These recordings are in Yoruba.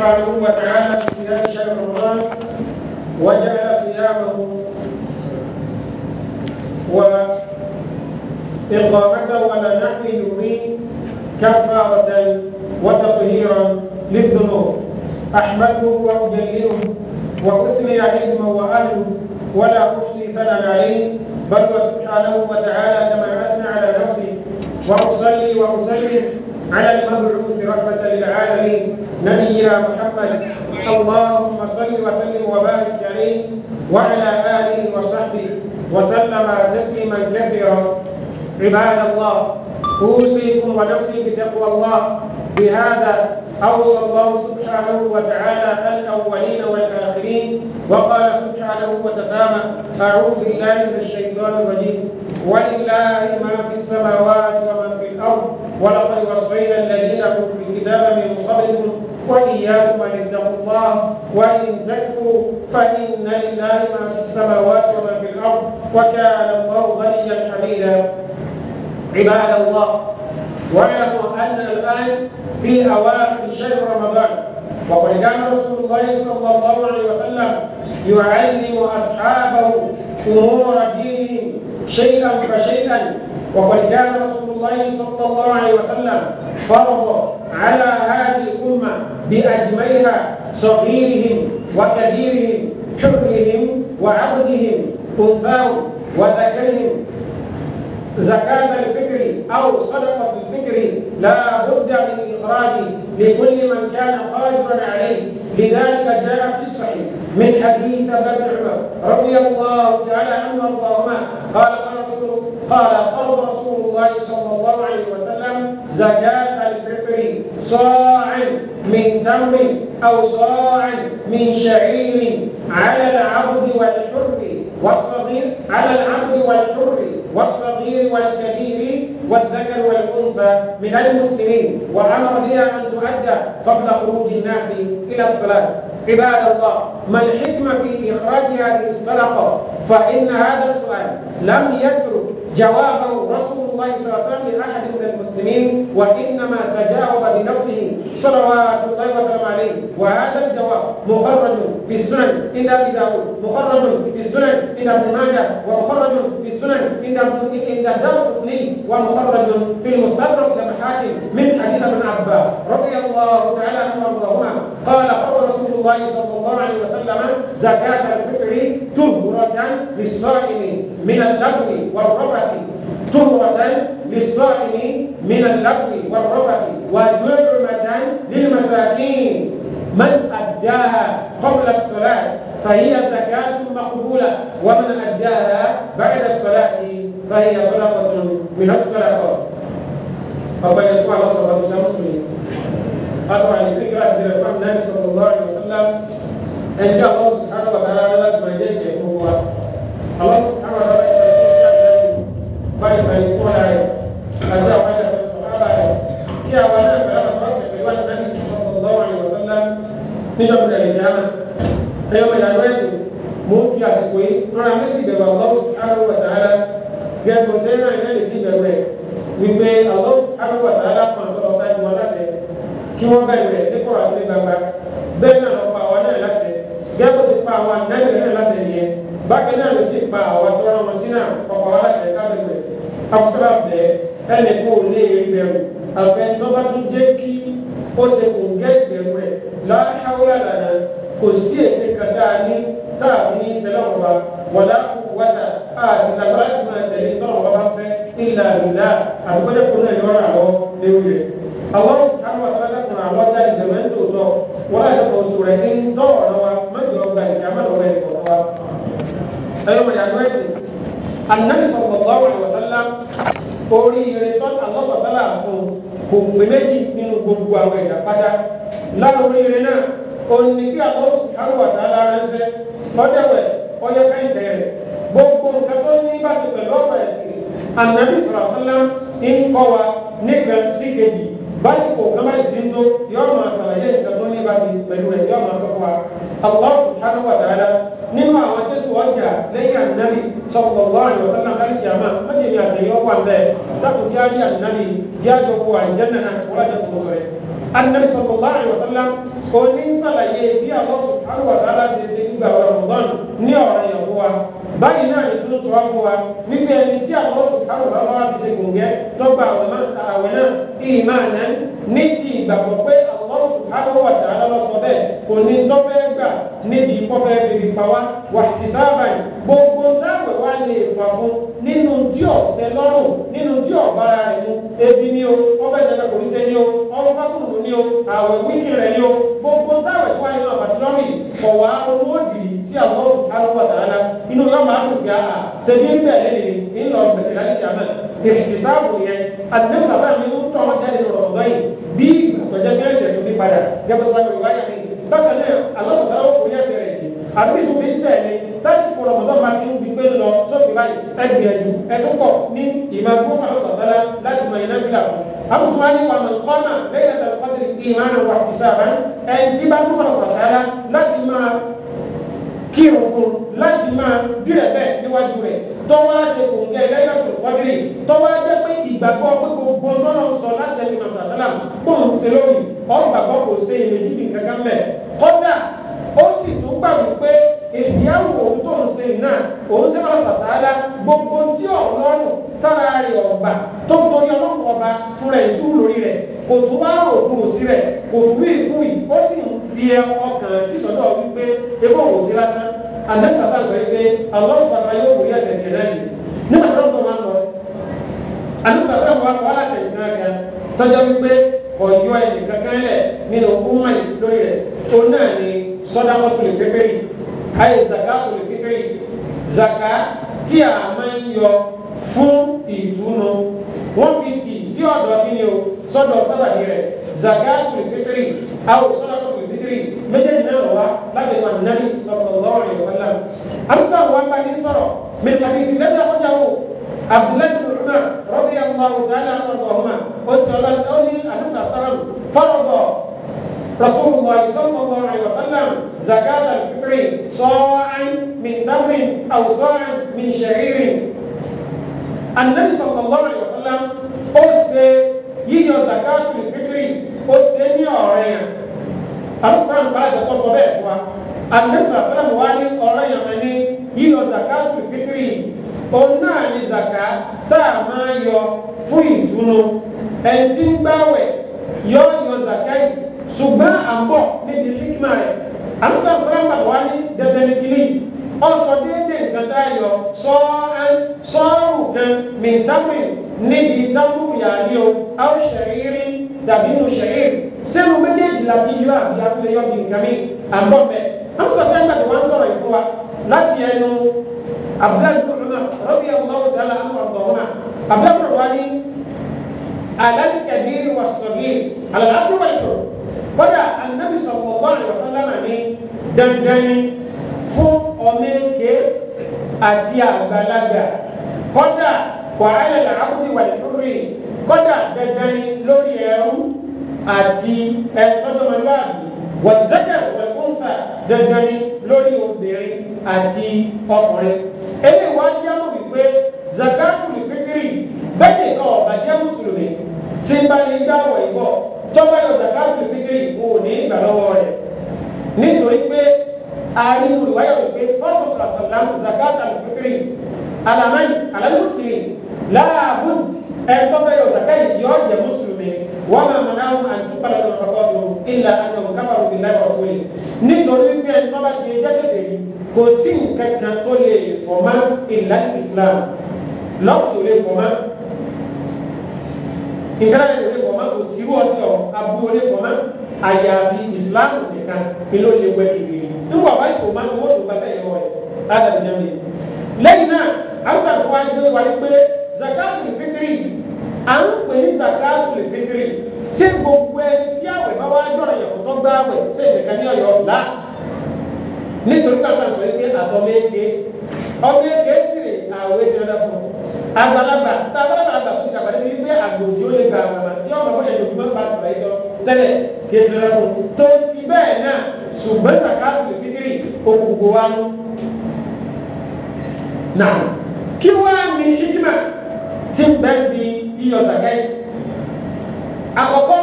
سبحانه وتعالى في صيام شهر رمضان وجعل صيامه وإقامته على نحو يومي كفارة وتطهيرا للذنوب أحمده وأجلله وأثني عليه من وأهله ولا أحصي ثناء عليه بل وسبحانه وتعالى كما أثنى على نفسي وأصلي وأسلم على المبعوث رحمة للعالمين نبينا محمد اللهم صل وسلم وبارك عليه وعلى آله وصحبه وسلم تسليما كثيرا عباد الله أوصيكم ونفسي بتقوى الله بهذا أوصى الله سبحانه وتعالى الأولين والآخرين وقال سبحانه وتسامى أعوذ بالله من الشيطان الرجيم ولله ما في السماوات وما في الأرض ولقد وصينا الذين أوتوا الكتاب من قبلكم وإياكم أن اتقوا الله وإن تكفوا فإن لله ما في السماوات وما في الأرض وكان الله غنيا حميدا عباد الله واعلموا أننا الآن في أواخر شهر رمضان وقد كان رسول الله صلى الله عليه وسلم يعلم أصحابه أمور دينهم شيئا فشيئا وقد كان رسول الله صلى الله عليه وسلم فرض على هذه الأمة بأجمعها صغيرهم وكبيرهم حرهم وعبدهم أنثاهم وذكرهم زكاة الفكر أو صدقة الفكر لا بد من إخراج لكل من كان قادرا عليه لذلك جاء في الصحيح من حديث ابن عمر رضي الله تعالى عنه وارضاهما قال قال قال رسول الله صلى الله عليه وسلم زكاة الفطر صاع من تمر أو صاع من شعير على العبد والحر والصغير على العبد والحر والصغير والكبير والذكر والأنثى من المسلمين وأمر بها أن تؤدى قبل خروج الناس إلى الصلاة عباد الله ما الحكمة في إخراج هذه الصدقة فإن هذا السؤال لم يترك جوابه رسول الله صلى الله عليه وسلم لأحد من المسلمين وإنما تجاوب بنفسه صلوات الله وسلم عليه وهذا الجواب مخرج في السنن عند أبي داود مخرج في السنن عند ابن ماجه ومخرج في السنن عند عند الدارقطني ومخرج في المستدرك للحاكم من حديث ابن عباس رضي الله تعالى عنه وارضاهما قال قول رسول الله صلى الله عليه وسلم زكاة الفطر تهرة للصائم من اللغو والرفث تهرة للصائم من اللغو والرفث وجرمة للمساكين من أداها قبل الصلاة فهي زكاة مقبولة ومن أداها بعد الصلاة فهي صدقة من الصدقات. فبين الله صلى الله عليه وسلم àtúrà ní kíkà àti rẹ̀ fún àmì sallallahu alaihi wasallam ẹ̀jẹ̀ àwọn subhanahu wa ta'ala láti máa jẹ́ ìjẹ́ fún wa àwọn subhanahu wa ta'ala ìgbà tó ń ká ìdájọ́ báyìí sàyè fún ara rẹ̀ àti àwọn ẹ̀jẹ̀ tó sọ ara rẹ̀ kí àwọn náà bẹ̀rẹ̀ àwọn ọ̀rọ̀ pẹ̀lú wájú náà ní sallallahu alaihi wasallam níjọba ìdáná ẹ̀yọ́ ìdájọ́ ẹ̀sìn mò ń fi àsìkò yìí rọra méjì bẹ̀rù Allah subhanahu wa ta'ala gẹ̀ẹ́dùn sẹ́yìn náà ìdájọ́ ìbẹ̀rù rẹ̀ wípé Allah subhanahu wa ta'ala kí wọ́n bẹ̀rẹ̀ rẹ̀ ní kọ̀rọ̀ àti gbangba bẹ́ẹ̀ náà lọ pa àwa náà láṣẹ gẹ́gẹ́ sì pa àwa ànábì náà láṣẹ nìyẹn bákan náà ló sì pa àwa tó rán wọn sí náà ọ̀pọ̀ wa láṣẹ kábẹ̀ rẹ̀ afúnṣẹ́lá bẹ̀ ẹnì kó lé ìbẹ̀rù àfẹ́ tó bá tún jẹ́ kí ó ṣe kò gẹ́ ìbẹ̀rù rẹ̀ láhàwúrà lànà kò sí ète kàtà ní táàbí ní sẹlẹ̀ ọ̀ba wọ̀lá wàtà àṣìlágbára ti máa tẹ̀lé tọ́lọ̀ bá fẹ́ ìlànà àdúgbò àwọn àwọn afẹ́lẹ́kùnrin àwọn ọ̀dà ìjọba ń tòótọ́ wọ́n láti kọ̀ oṣù rẹ̀ ní tọ́ ọ̀rọ̀ wa mẹ́jọ ọgbà ìjà má lọ́wọ́ ẹ̀ kọ̀ọ̀kan wa. ẹnu mọ̀ yàtọ̀ ẹ̀sìn anabi sallallahu alaihi wasallam orí ire tọ́ alọ́sọ̀tọ́lá fún kò pé méjì nínú gbogbo àwọn ẹ̀dá pátá látorí ire náà òní bí àwọn àrùwàtà aláránṣẹ́ ọjọ́wẹ̀ ọjọ́ káyìndẹ̀ rẹ̀ gbogbo nǹkan tó nígbà sí kejì báyìí kò kán báyìí ti ń tó yóò máa sàlàyé nǹkan tó ní báyìí pẹ̀lú rẹ̀ yóò máa sọ fún wa Allah subhanahu wa ta'ala nínú àwọn tó sùn ọjà lẹ́yìn ànábì sallallahu alaihi wasallam kárí kìámà mọ́tì ní àtẹ̀yìn ọkọ̀ àbẹ́ dákun jẹ́ àrí ànábì jẹ́ àjọ kó àìjẹ́nà náà wọ́n lájọ tó sọ rẹ̀ ànábì sallallahu alaihi wasallam oní sàlàyé bí Allah subhanahu wa ta'ala ti ṣe nígbà Ramadan ní ọ̀rọ̀ yẹn fún wa báyìí náà ní tuntun sọ̀rọ̀ fún wa wípé ẹni tí àwọn olùkárò bá wá fi ṣe gbòǹgẹ́ lọ́gbà àwẹ̀ náà ìmáànán ní ti ìgbàgbọ́ pé àwọn olùkárò wà tààrà lọ́sọ̀ bẹ́ẹ̀ kò ní tọ́fẹ́ gbà níbi ìkọ́fẹ́ bèbè pa wá wà ti sábà yìí gbogbo táwẹ̀ wá lè fà fún nínú tí ò tẹ lọ́rùn nínú tí ò bára rẹ̀ mu ebi ni o ọbẹ̀ ìṣẹ̀lẹ̀ kò ní ṣe ni o ọmọ fákùnrin ni o àwẹ̀ wíkì rẹ̀ ni o gbogbo táwẹ̀ tó wá nínú àbàtì lọ́rùn yìí kọ̀ wá owó òdì sí Allah subhanahu wa ta'ala inú yọ máa ń dùn yá a ṣèlú ń bẹ̀rẹ̀ lè ní lọ gbèsè láti jà náà èkìtì sáàbù yẹn àtẹnusọ àbá mi ń tọ́ ọjà nínú ọ̀dọ́ yìí bí ìgbàgbọ́jẹ́ bí ẹ̀ṣẹ̀ tó ní padà gẹ́gẹ́ bá yorùbá yà mí bákan náà Allah subhanahu kò ní ẹ̀ṣẹ̀ rẹ̀ jì àbí ìlú fi ń tẹ̀lé láti kó rọ̀mọ́tọ́ máa fi ń di pé lọ sófin báyìí ẹgbìyànjú ẹdúpọ̀ ní ìmọ̀ fún àwọn ọ̀sán láti mọ iná bílà fún أبو مالك ومن قام ليلة القدر إيمانا واحتسابا أن جبا الله تعالى لازم kírun kún láti máa dírẹ̀ bẹ́ẹ̀ níwájú rẹ̀ tọ́wọ́ ṣe kò ń jẹ́ lẹ́yìn àpò kọ́dírì tọ́wọ́ jẹ́ pé ìgbàgbọ́ pé gbogbo lọ́nà sọ láti ẹni màmá sàlám kó ń ṣe lórí ọgbàgbọ́ kò ṣe ìrètí nìkan kan bẹ́ẹ̀ kọ́dà ó sì tún gbà wípé èdè àwọn ohun tó ń ṣe náà òun ṣe máa sàtàlá gbogbo tí ọlọ́run tára rẹ̀ ọ̀gbà tó ń torí ọlọ́run ọba fúnra ìṣú lórí rẹ̀ kò tún wá òkú sí rẹ̀ kò tún wí ìkú yìí ó sì ń fi ẹ ọkàn tí sọ́dọ̀ wípé ebó òun sí lásán àdẹ́sàsà sọ wípé ọlọ́run bàbá yóò borí àtẹ̀tẹ̀ náà yìí nígbà tó ń tọ́ wọn lọ àdẹ́sàsà wà kọ́ aláṣẹ ìgbà kan tọ́jọ́ wípé ọ̀yọ́ ẹnìkan kan lẹ̀ nínú ọkùnrin lórí rẹ̀ òun náà ni sọ́dọ̀ ọkùnrin pépé ayé zaka olùfífẹ́ yìí zaka tí a máa ń yọ. kódà anabi sallallahu alaihi wasallam ní dandan ni fún ọmọdé àti àgbàlagbà kódà wàhálà làákùtì wà lórí kódà dandan ni lórí ẹrú àti ẹtọ́jọmọláàbí wàdúgbẹ́kẹ̀ wàlúkúnfà dandan ni lórí obìnrin àti ọkùnrin eléyìí wá jẹ́ mọ̀ wípé zakatul fitri bẹ́ẹ̀ ni ọ̀bàjẹ́ mùsùlùmí tí ń bá ní gbàwọ̀ ìbọ̀ tọ́ba yọ zakatul fitri wò ní ìgbà lọ́wọ́ rẹ̀ nítorí pé àárín olùwáyọ̀ wípé fọ́tò sàlàsàlà zakatul fitri alamani alamuslimi laabud ẹ̀tọ́ba yọ zakatul yọ jẹ mùsùlùmí wọ́n máa mọ̀nà àwọn àtúntàlẹ̀ lọ́nà pàtó ìlà àwọn kábàrò bìlá ìwà òwe nítorí pé ẹ̀tọ́ba ti ẹjẹ́ tètè yìí kò sí nǹkan kan tó lè fọ̀mọ́ ìlà ìsìlámù lọ́ọ̀sì ò lè fọ̀mọ́ ìgbàlá irú ọtí ọ aburú olè kọ́ máa àyàfi ìsìláàmù nìkan ilé olè wẹ kékeré nígbà báyìí kò máa owó tó gbàsẹ̀ yẹn wọ̀ ẹ́ láti àbíyá mi. lẹ́yìn náà hausa tó wáyé tó wáyé pé zakatul fitri à ń pè ní zakatul fitri ṣé gbogbo ẹ tí àwẹ̀ bá wá jọ̀rọ̀ yẹn kò tó gbá àwẹ̀ ṣé ìdẹ̀kan ní ọ̀yọ́ là nítorí pàṣẹ àṣọ yìí pé àtọ́ méje ọmọ èké sì rè àwẹ̀ ṣe lọ́dọ̀ fún un àgbàlagbà tá a bára àgbà fún ìjàpá níbi wípé àgbò tí ó lè gba àgbàlagbà tí ó máa bọ́ ẹ̀yọ̀ bí wọ́n bá sọ̀rọ̀ yìí lọ tẹ́lẹ̀ kí èsì rẹ̀ fún tó ti bẹ́ẹ̀ náà ṣùgbọ́n sàkáàtù lè fíkiri òkùnkùn wa nù. nà kí wàá ní ìdímà tí bẹ́ẹ̀ fi iyọ̀ sàkáì àkọ́kọ́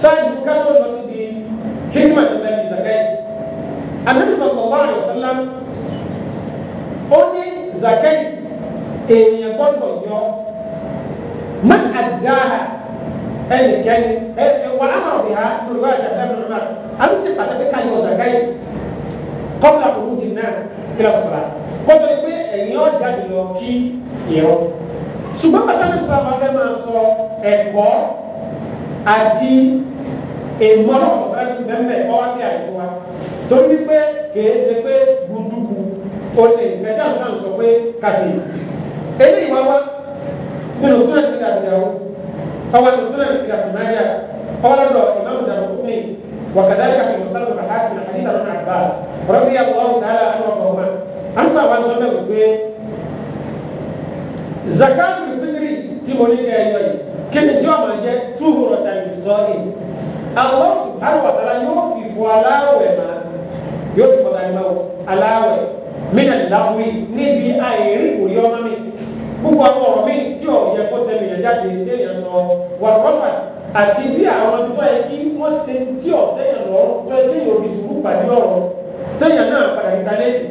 sáájú kátó lọ síbi hikima ti bẹ́ẹ̀ fi sàkáì anabi sallallahu alaihi wasallam ó ní sàkáì èèyàn gbọ́dọ̀ yọ man àdáhà ẹnìkẹ́ni ẹ wà láwọn ọ̀bì ha lórí wáyà ṣàfihàn lórí náà àbí sì pàtàkì ká yọ ọ̀sán káyì kọ́ńtà òkú di náà kílọ̀ sọ̀rọ̀ kọ́ńtà pé ẹ̀yìn ọ̀jà mi lọ kí ìrọ̀ ṣùgbọ́n pàtàkì sọ àwọn ọ̀rẹ́ máa sọ ẹ̀kọ́ àti èmọ́ràn ọ̀rẹ́ fi bẹ́ẹ̀ ọwọ́ ní àìkú wa torí pé kèé ṣe pé gbùdùgbù olè ìfẹ́ dáhùn sọ pé kàṣe eléyìí wá wá nínú súnà nígbà ìdáwó ọwọ́ nínú súnà nígbà ìmáyà ọwọ́ lọ́dọ̀ ìmáàmù dàrú ní wàkàdáríkà fi mùsàlùmù àhásì àdìs àrùn àbáàs rọ́bì àbúrò tààlà àrùn ọ̀gbọ̀n ansa wa sọ mẹ́rin pé zakatu fitiri tí mo ní kẹ́ ẹ yìí kí ni tí wọ́n máa jẹ́ túhùrọ̀ tàbí sọ́ọ̀rì àwọn gbogbo àwọn ọ̀rọ̀ mi tí ọ̀rọ̀ yẹ kó tẹnu yẹn jáde téèyàn sọ wà rọ́bà àti bí àwọn tó yẹ kí wọ́n ṣe tí ọ̀tẹ́yàn lọ́rùn tó yẹ kéèyàn òbí sùúrù pàdé ọ̀rọ̀ téèyàn náà padà níta létí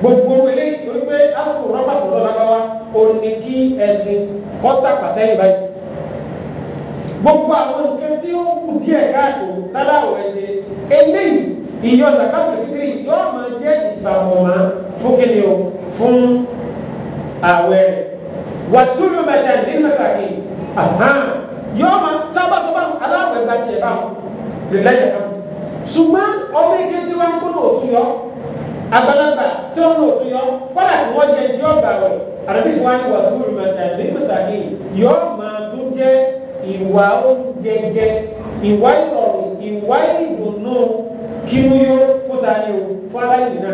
gbogbo wele torí pé asukò rọ́bà tó lọ́la bá wa òní kí ẹ̀sìn kọ́tà pàṣẹ yìí báyìí gbogbo àwọn nǹkan tí ó kù díẹ̀ káàtó táláwọ̀ ẹ̀ ṣe eléyìí ìyọ zakato fitiri yóò máa jẹ́ ìsàmọ̀mọ́ fún kíni fún àwẹ̀ rẹ̀ wà túlù mẹ́ta ní mẹ́sàkì yóò ma tábà tó bá aláàbẹ̀ gba tiẹ̀ bá wọn lè lẹ́yìn kan ṣùgbọ́n ọmọ ike tí wọ́n ń kó lóòtú yọ àgbàlagbà tí wọ́n lóòtú yọ kọ́lá tí wọ́n jẹ tí ọgbà rẹ̀ àdàbí tí wọ́n á ní wà túlù mẹ́ta ní mẹ́sàkì yóò ma tó jẹ́ ìwà oúnjẹ jẹ ìwà ìrọ̀rùn ìwà ìdùnnú kínú yó ni o fọ́lá ìdìnnà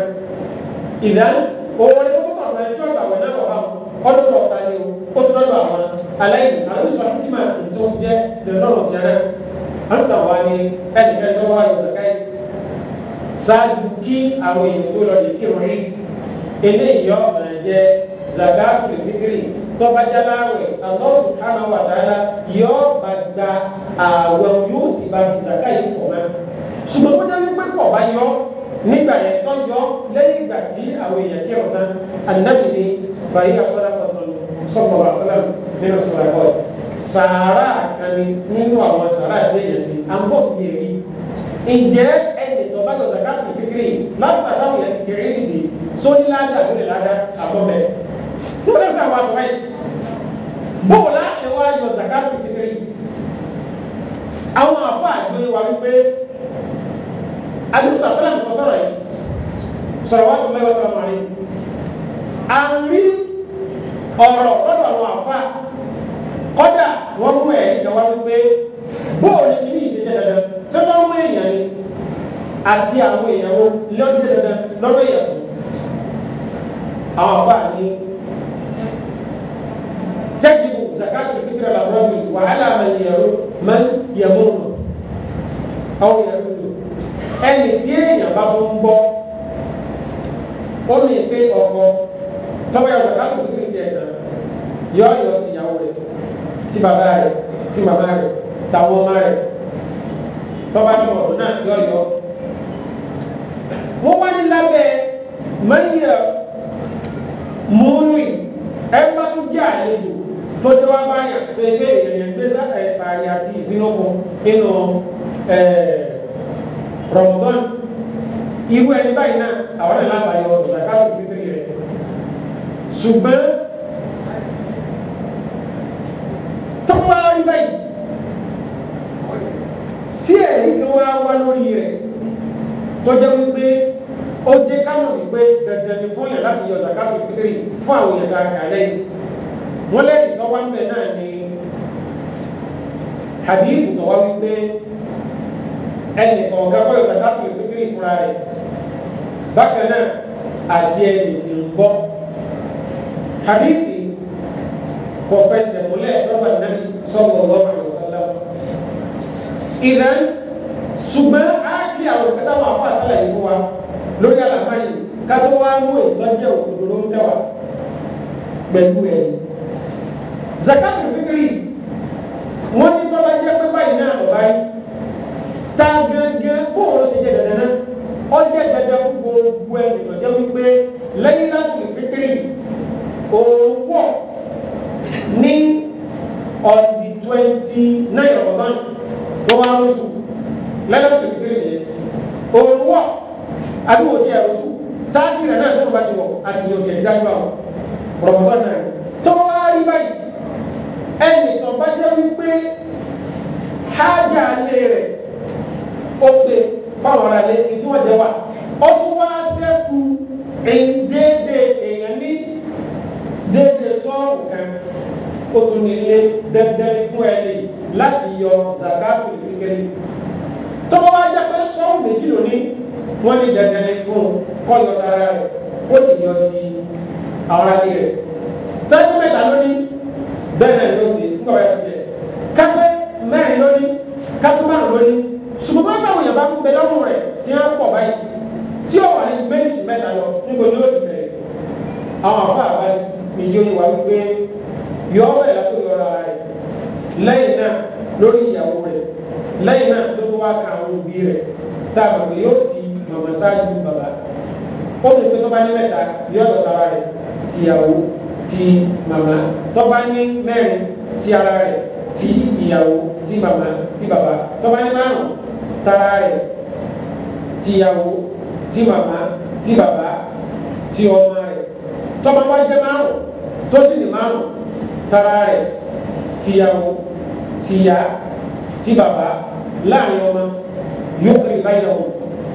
ìdá owó ọdún tó ọ̀tá ni o ó tó lọ́dọ̀ àwọn aláìní àwọn ìṣòro àti ìmọ̀ tó ń jẹ́ lọ́rọ̀ ti rẹ̀ àṣà wa ni ẹnìkan tó wà lọ́dọ̀ káyì ṣáájú kí àwọn èèyàn tó lọ lè kírun rí eléyìí ọ̀nà jẹ́ zakaatu fitiri tọ́bajára rẹ̀ Allah subhanahu wa ta'ala yọ bá gba àwọn yóò sì bá fi zaka yìí pọ̀ mọ́ ṣùgbọ́n wọ́n dá wípé pọ̀ bá yọ nígbà yẹn tọ́jọ́ lẹ́yìn ìgbà tí àwọn èèyàn kí ọ̀tá ànábì ni bàyí àsọ́dá pọ̀tọ́n sọ́kọ̀ọ́ àsọ́dá nínú sọ̀rọ̀ àgọ́ sàárà kan nínú àwọn sàárà ìdẹ́yẹ̀ sí àǹbọ̀ kìrì ǹjẹ́ ẹni tó bá lọ́sàkà tó kékeré lọ́sàkà táwọn yẹn kéré nìdí sóní ládà tó lè ládà àbọ̀bẹ̀ wọ́n lè sàwọn àṣọ báyìí àdúgbò àtàlà kò sọ̀rọ̀ yìí sọ̀rọ̀ wá tó mẹ́wàá sọ̀rọ̀ màrí. à ń rí ọ̀rọ̀ lọ́dọ̀ àwọn àfa kọ́dà wọ́n mú ẹ̀ ìjọba wípé bóòlù kìíní ìṣèjẹ́ dandan sọ́dọ̀ ọmọ èèyàn ni àti àwọn èèyàn wo lọ́jọ́ dandan lọ́dọ̀ èèyàn àwọn àfa ni tẹ́jú zakatu fitra làwọn mi wàhálà mẹ́lẹ̀ yẹ̀rọ mẹ́lẹ̀ yẹ̀mọ́nù àwọn yẹ̀rọ ẹni tí èèyàn bá fún ń bọ́ ó lè pé ọkọ tọ́wọ́ yọ bàbá kò ní ìjẹ ẹ̀dá yọ yọ ti ìyàwó rẹ̀ ti bàbá rẹ̀ ti màmá rẹ̀ tàwọn ọmọ rẹ̀ tọ́ba tó ọ̀dọ́ náà yọ yọ. wọ́n wá ní lábẹ́ mẹ́yìnà múrin ẹ bá tún jẹ́ àlejò tó jẹ́ wá báyà tó ẹgbẹ́ ìrìnàjò gbé sáré àti ìsínú kan nínú ẹ̀ẹ́ rọ̀mùtọ́n irú ẹni báyìí náà àwọn náà lábàá yọ ọ̀sán káwọn ìpín tírì rẹ̀ ṣùgbọ́n tó wá rí báyìí sí ẹ̀rí tó wá wá lórí rẹ̀ tó jẹ́ wípé ó jẹ́ káwọn wípé dandan ni fún yàrá mi yọ ọ̀sán káwọn ìpín tírì fún àwọn yàrá kàlẹ́ yìí wọ́n lẹ́yìn tó wá ń bẹ̀ ni hadith tó wá wípé ẹnì kọ̀ọ̀kan bọ́yọ̀ tàbí àpò ìpínlẹ̀ ìfúnra rẹ̀ bákan náà àti ẹnì tí ń gbọ́ hadithi kò fẹsẹ̀ múlẹ̀ lọ́wọ́ nàbí sallallahu alaihi wasallam ìdán ṣùgbọ́n á kí àwọn òkúta wà fún àṣálẹ̀ ìlú wa lórí àlàmáyé kátó wá mú ìtọ́jú òkúta ló ń tẹ̀wà pẹ̀lú ẹ̀yìn zakatul fitri wọ́n ní bọ́lá jẹ́ pé báyìí náà ta gẹ́gẹ́ bó o ṣe jẹ dandan náà ọjọ́ ìjẹjẹ fún gbogbo ẹnìyàn jẹ́ wípé lẹ́yìn láti fitiri òun wọ̀ ní on the twenty nine of Ramadan wọ́n wá lóṣù lẹ́yìn láti fitiri yẹn òun wọ̀ àbí wò ó ti ẹ̀ lóṣù táàtì rẹ̀ náà tó bá ti wọ̀ àti yóò ṣe ìdájọ́ àwọn Ramadan náà tó wá rí báyìí ẹnìkan bá jẹ́ wípé hájà lé rẹ̀ ó pè báwọn ará ilé ní tí wọ́n jẹ wà ó tún wá sẹ́kù déédé èèyàn ní déédé sọ́ọ̀rù kan ó tún ní ilé dẹ́dẹ́rẹ́ fún ẹ lè láti yọ zakaatu kékeré tó bá wá jẹ́ pé sọ́ọ̀rù méjì lónìí wọ́n ní dẹ́dẹ́rẹ́ fún kọ́ yọ tara rẹ̀ ó sì yọ sí àwọn ará ilé rẹ̀ tọ́jú mẹ́ta lónìí bẹ́ẹ̀ náà ló sì ń kọ́ ẹ̀ kápẹ́ mẹ́rin lónìí kápẹ́ márùn lónìí ṣùgbọ́n táwọn èèyàn bá ń bẹ lọ́rùn rẹ̀ tí wọ́n pọ̀ báyìí tí ó wà ní méjì sí mẹ́ta lọ níbo ni ó ti bẹ̀rẹ̀ àwọn àwọn àbá ìjọ ni wà wípé yọ ọ́ bẹ̀rẹ̀ látòrí ọ̀rọ̀ ara rẹ̀ lẹ́yìn náà lórí ìyàwó rẹ̀ lẹ́yìn náà ló tó wá ka àwọn òbí rẹ̀ dáàbò pé yóò ti mọ̀mọ́ sáájú bàbá ó ní pé tó ní mẹ́ta yọ ọ̀dọ̀ ara rẹ̀ tìyàwó ti màmá tó ní mẹ́rin ti ara rẹ̀ ti ìyàwó ti màmá ti bàbá tó ní márùn tara rẹ̀ tíyàwó tí màmá tí bàbá tí ọmọ rẹ̀ tọ́mọ bá jẹ́ márùn tó sì ní márùn tara rẹ̀ tíyàwó tíyà tí bàbá láàrin ọmọ yóò kiri báyìí lọ́wọ́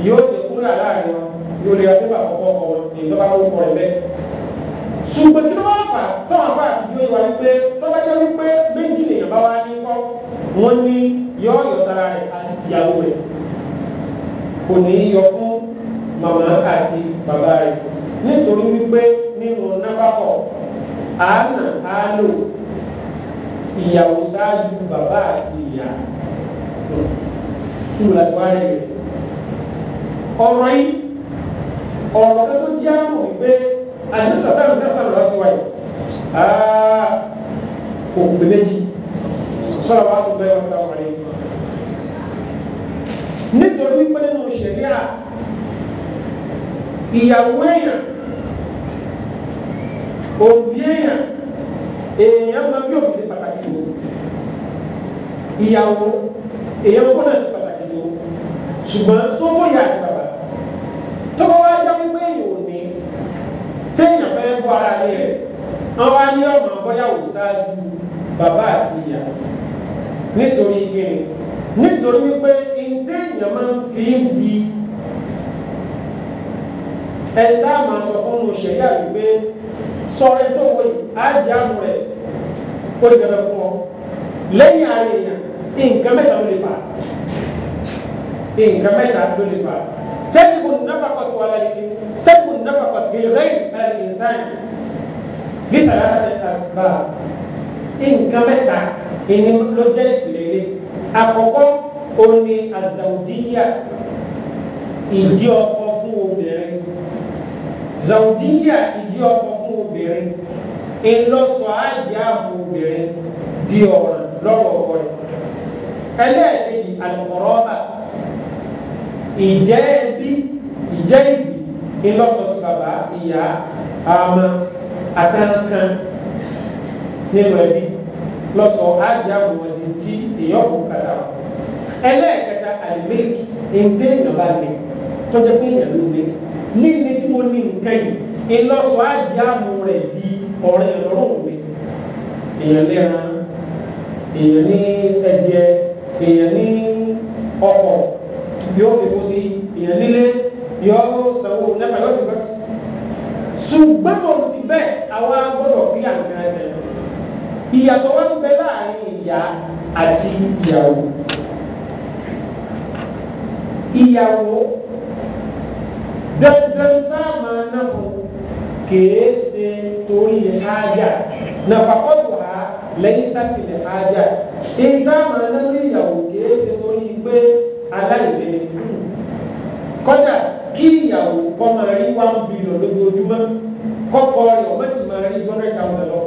yóò ṣe kúrò láàrin wọn yóò lè ọdún bá kọ́kọ́ ọkọ wọn èyí tó bá wọ́n kọ́ ẹ̀bẹ́. ṣùgbọ́n kí ló wá fà táwọn afárá fi yóò wá wípé tọ́bajẹ́ wípé méjì lèèyàn bá wá ní kọ́ wọ́n ní yọ ọ̀yọ̀sára rẹ̀ àti ìyàwó rẹ̀ kò ní í yọ fún màmá àti bàbá rẹ̀ nítorí wípé nínú nábàkọ̀ àánà àálò ìyàwó ṣáájú bàbá àti ìyá ìwà hmm. ìwárí rẹ̀ ọ̀rọ̀ yìí ọ̀rọ̀ tó tó jẹ́ àmọ̀ wípé àdúrà bẹ́ẹ̀ ní ẹ̀sán lọ́wọ́ sí wáyé kò pè méjì sọ̀rọ̀ wá tó bẹ́ẹ̀ wọ́n sáwọn rẹ̀ nítorí wípé nínú ṣẹ̀ríà ìyàwó èèyàn òbí èèyàn èèyàn máa bí òbí ṣe pàtàkì tó ìyàwó èèyàn kó náà ṣe pàtàkì tó ṣùgbọ́n sọ́kò ìyá àti bàbá tó bá wá já wípé èèyàn ò ní téèyàn fẹ́ bọ́ ara rẹ̀ àwọn á ní ọ̀nà bọ́yàwó ṣáájú bàbá àti ìyá nítorí kíni nítorí wípé téèyàn máa ń fi ń di ẹ̀dá máa sọ fún un ṣẹ̀yà wípé sọ̀rọ̀ tó wọ yìí á jẹ́ àmú rẹ̀ ó jẹ́ bẹ́ẹ̀ fún ọ lẹ́yìn ààrẹ èèyàn nǹkan mẹ́ta ló lè fà nǹkan mẹ́ta ló lè fà tẹ́kùn náfà kọ̀tù wàlá yìí tẹ́kùn náfà kọ̀tù yìí lẹ́yìn ààrẹ ìsáyìn bí tàrà àtẹ̀tà bá nǹkan mẹ́ta ìní ló jẹ́ ìpìlẹ̀ àkọ́kọ́ ó ní azawudiya ìdí ọkọ fún obìnrin zawudiya ìdí ọkọ fún obìnrin ìlọsọ àìdí àwọn obìnrin di ọ̀ràn lọ́rọ̀ ọkọ rẹ̀ ẹlẹ́ẹ̀kejì àlùmọ̀rọ́bà ìjẹ́ ẹbí ìjẹ́ ìbí ìlọsọ sí bàbá ìyá àmọ́ àtàkàn nínú ẹbí lọ́sọ̀ àìdí àwọn ọmọdé tí èyí ọ̀kùnkàdà wọn ẹlẹ́ẹ̀kẹta àlùmíìkì ìdé ìyànbá mi tọ́jú pé èèyàn ló mi níbi tí mo ní nǹkan yìí ìlọ́sọ̀ ájàmù rẹ̀ di ọ̀rẹ́ ọ̀rọ̀ mi èèyàn ní ẹran èèyàn ní ẹ̀jẹ̀ èèyàn ní ọkọ̀ yóò fi kó sí èèyàn nílé yóò sanwó nípa yóò sì gbọ́ ṣùgbọ́n mo ti bẹ́ẹ̀ àwa gbọ́dọ̀ bí àgbẹ̀ rẹ̀ ìyàtọ̀ wa ń bẹ láàrin ìyá àti ìyàwó ìyàwó dandan sáàmà náà fún kèé ṣe torí ìhájà nàfàkọ́tù ha lẹ́yìn sátìlẹ̀ hájà ìdáàmà náà ní ìyàwó kèé ṣe torí pé aláìlẹ̀ kọ́jà kí ìyàwó kọ́ máa rí one billion lójoojúmọ́ kọ́kọ́ rẹ̀ ọmọ sì máa rí two hundred thousand lọ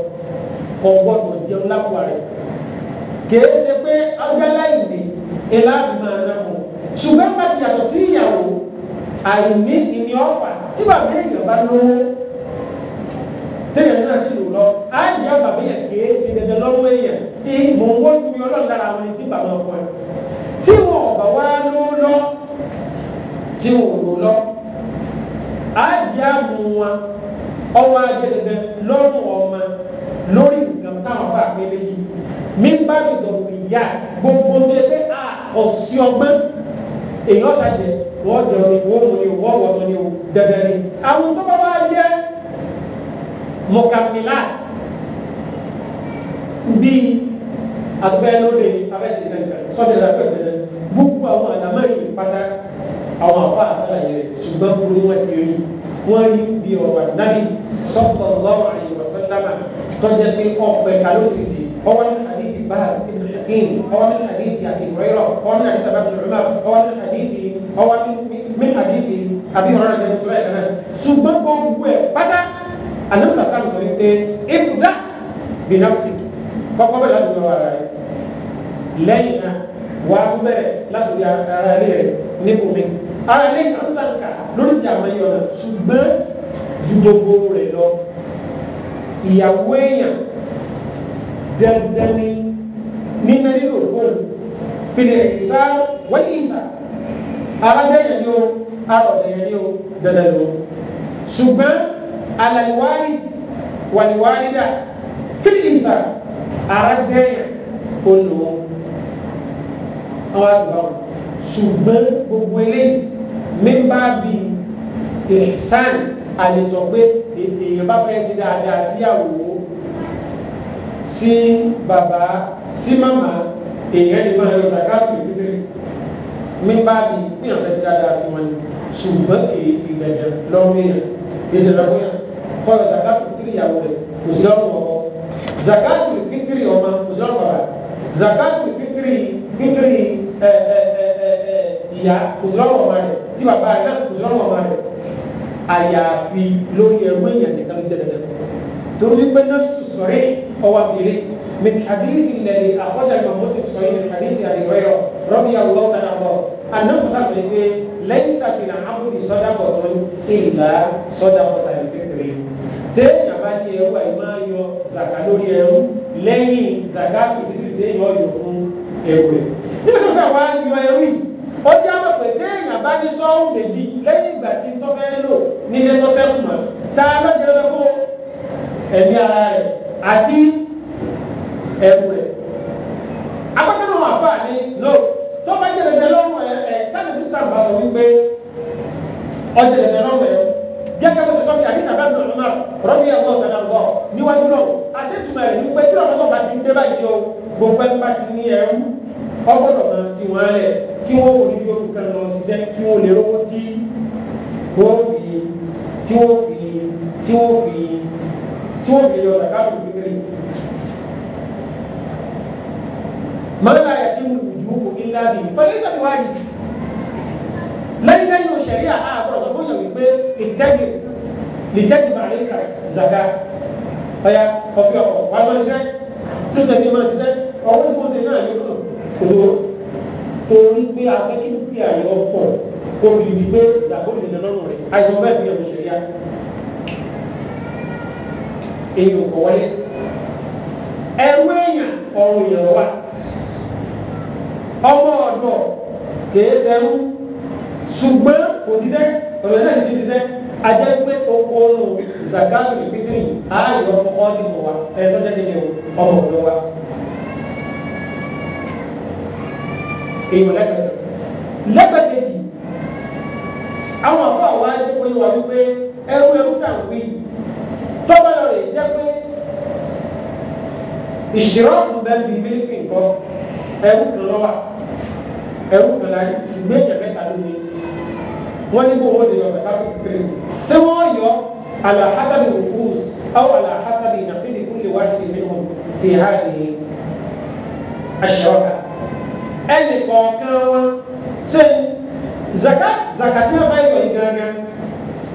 kọ́ gbọ́dọ̀ jẹun lápò rẹ̀ kèé ṣe pé ọjọ́ láìní ìlànà máa náà ṣùgbọ́n yàtọ̀ sí ìyàwó àìní ìní ọ̀fà tí bàbá èèyàn bá lówó téèyàn náà sì lò lọ á jẹ́ bàbá yẹn kì í ṣe dandan lọ́wọ́ èèyàn ní mò ń wọ́n ju ọlọ́run lára àwọn ẹni tí bàbá ọkọ ẹ̀ tí wọn ọ̀bà wá ló lọ tí wọn ò lọ á jẹ́ àmú wọn ọwọ́ ajé dandan lọ́rùn ọmọ lórí nǹkan táwọn bá pé méjì mí bá mi dọ̀rọ̀ ìyá gbogbo ṣe pé a ọ̀sìn ọgbọ́n èyí ọ̀sà jẹ wọ́n jọ ni wọ́n mu ni wọ́n wọ̀sọ ni o dẹ̀dẹ̀ ni àwọn tó bá wá jẹ́ mọ̀kàmìlá bíi àtúbẹ̀yẹ lóde ni abẹ́sẹ̀ ìdájọ́ sọ́dẹ̀ lásán ìdájọ́ gbogbo àwọn àdámẹ́rin pátá àwọn àfa àṣàlàyé rẹ̀ ṣùgbọ́n kúrú wọn ti rí wọn rí bí ọ̀rọ̀ àdáyé sallallahu alaihi wasallam tọ́jà pé ọ̀pẹ̀ kálófìsì ọwọ́ الدين هو من حديث أبي هريرة هو من حديث أبي عمر هو من حديث هو من حديث أبي هريرة بن سعيد أنا سبحان الله بدأ النبي صلى الله عليه وسلم ابدأ بنفسك kọ́kọ́ bẹ̀rẹ̀ láti lọ ara rẹ̀ lẹ́yìn náà wà á bẹ̀rẹ̀ láti di ara rẹ̀ rẹ̀ níbo mi ara rẹ̀ kan sànkà lórí ti àwọn ẹyọ náà ṣùgbọ́n ju gbogbo rẹ̀ lọ ìyàwó èèyàn dandan ni nínú nínú òkú fìlẹ̀ ìsá wọ́n ìsà arábẹ́yẹ ni o arọ̀dẹ̀yẹ ni o dandan ni o ṣùgbọ́n alàlùwárí wàlùwárídà fìlẹ̀ ìsà arábẹ́yẹ olùwọ́ àwọn àgbà wọn ṣùgbọ́n gbogbo eléyìí mímbà bíi ìsán àlesọ pé èèyàn bá fẹ́ sí dáadáa síyàwó sí bàbá sí mama èèyàn lè máa yọ sàkáàtì ìdílé mi bá di bí àwọn ẹsẹ̀ dáadáa sí wọn ṣùgbọ́n èyí sì gbẹ̀dẹ̀ lọ́wọ́ èèyàn èsì lọ́wọ́ yẹn kọ́lọ̀ sàkáàtì ìdílé ìyàwó rẹ̀ kò sí lọ́wọ́ ọkọ sàkáàtì ìdílé ọmọ kò sí lọ́wọ́ bàbá sàkáàtì ìdílé ìdílé ìyá kò sí lọ́wọ́ ọmọ rẹ̀ tí bàbá náà kò sí lọ́wọ́ ọmọ rẹ̀ àyàfi lórí ẹrú èèyàn nìkan ló jẹ́ من حديث الذي أخرج الإمام مسلم صحيح من حديث أبي هريرة رضي الله تعالى عنه أن صلى الله عليه وسلم ليس في العبد صدقة إلا صدقة الفطر téèyàn bá ní ẹwà ẹ máa yọ zaka lórí ẹrú lẹ́yìn zaka fìdílì téèyàn yọ fún ẹrú ẹ nígbà tó sà wá yọ ẹrú yìí ó jẹ́ àmọ̀ pé téèyàn bá ní sọ́ọ̀hún méjì lẹ́yìn ìgbà tí tọ́fẹ́ lò nílé tọ́fẹ́ kùmọ̀ tá a lọ́jọ́ lọ́fẹ́ fún ẹ̀mí ara rẹ̀ àti ẹrú rẹ̀. akọ́kẹ́nu wọn àfa ni lo tó bá jẹ̀lẹ̀ bẹ lọ́rùn ẹ ẹ tábìlì kristu àgbà wọ̀ wípé ọjẹ̀lẹ̀ bẹ lọ́rùn ẹ gẹ́gẹ́ bó ti sọ pé àbí tàbí àbí ọ̀nà náà rọ́bì ẹ̀kọ́ ọ̀gá náà bọ̀ níwájú náà àṣetùmọ̀ ẹ̀ ní pé tí ọ̀nà náà bá ti ń dé báyìí o gbogbo ẹ̀ bá ti ní ẹrú ọgbọ́dọ̀ máa sin wọn lẹ̀ kí wọ́n wò ní bí oṣù kan lọ ṣiṣẹ́ kí wọ́n lè rówó tí wọ́n fi tí wọ́n fi tí wọ́n fi tí wọ́n fi yọ ọ̀dà káàkiri mọ́lá yàtí mu ìjú òkè ńlá bíi pẹ̀lú ìtàkùn wáyé lẹ́yìn lẹ́yìn òṣèré àárọ̀ tó bóyá wípé ìtẹ́gì lìtẹ́gì màríkà zàgà ọ̀yà ọ̀fi ọ̀kọ̀ wà lọ iṣẹ́ tó tẹ̀lé máa ṣiṣẹ́ ọ̀wọ́ ìfowóṣe náà ní kò lóró torí pé afẹ́kí dúkìá yọ ọkọ̀ obìnrin ní pé zàgó lè lọ́rùn rẹ̀ àìsàn bẹ́ẹ̀ fi ọ̀rọ̀ ṣẹ̀yà èyí ò kọ̀ wọlé ẹrú èèyàn ọ̀rùn èèyàn wà ọmọ ọ̀dọ̀ kìí sẹ́rú ṣùgbọ́n kò ṣiṣẹ́ ọ̀rọ̀ náà ti ṣiṣẹ́ ajẹ́ pé oko oorun zakaru ìpínlẹ̀ ààyè ọmọ ọdún wa ẹ̀ lọ́jọ́ kejì ọmọ ọ̀dọ̀ wa. èèyàn lẹ́gbẹ̀ẹ́ lẹ́gbẹ̀ẹ́ kejì àwọn àbọ̀ àwọn ajẹ́pọ̀ yìí wà wípé ẹrú ẹrú náà wí tọ́gbà lọ rẹ̀ jẹ́ pé ìṣirọ́ọ̀kù bẹ́ẹ̀ bíi mílíkì nǹkan ẹrú kan lọ́wọ́ ẹrú kan láyé ṣùgbọ́n èèyàn mẹ́ta ló ní wọ́n ní kó wọ́n ti yọ zaka tó kéré ṣé wọ́n yọ ala hasabi rukus aw ala hasabi nasibi kulli wahidi minhum fi hadhihi ash-shiraka ẹnì kọ̀ọ̀kan wọn ṣe zaka zaka tí wọ́n bá yọ ìgangan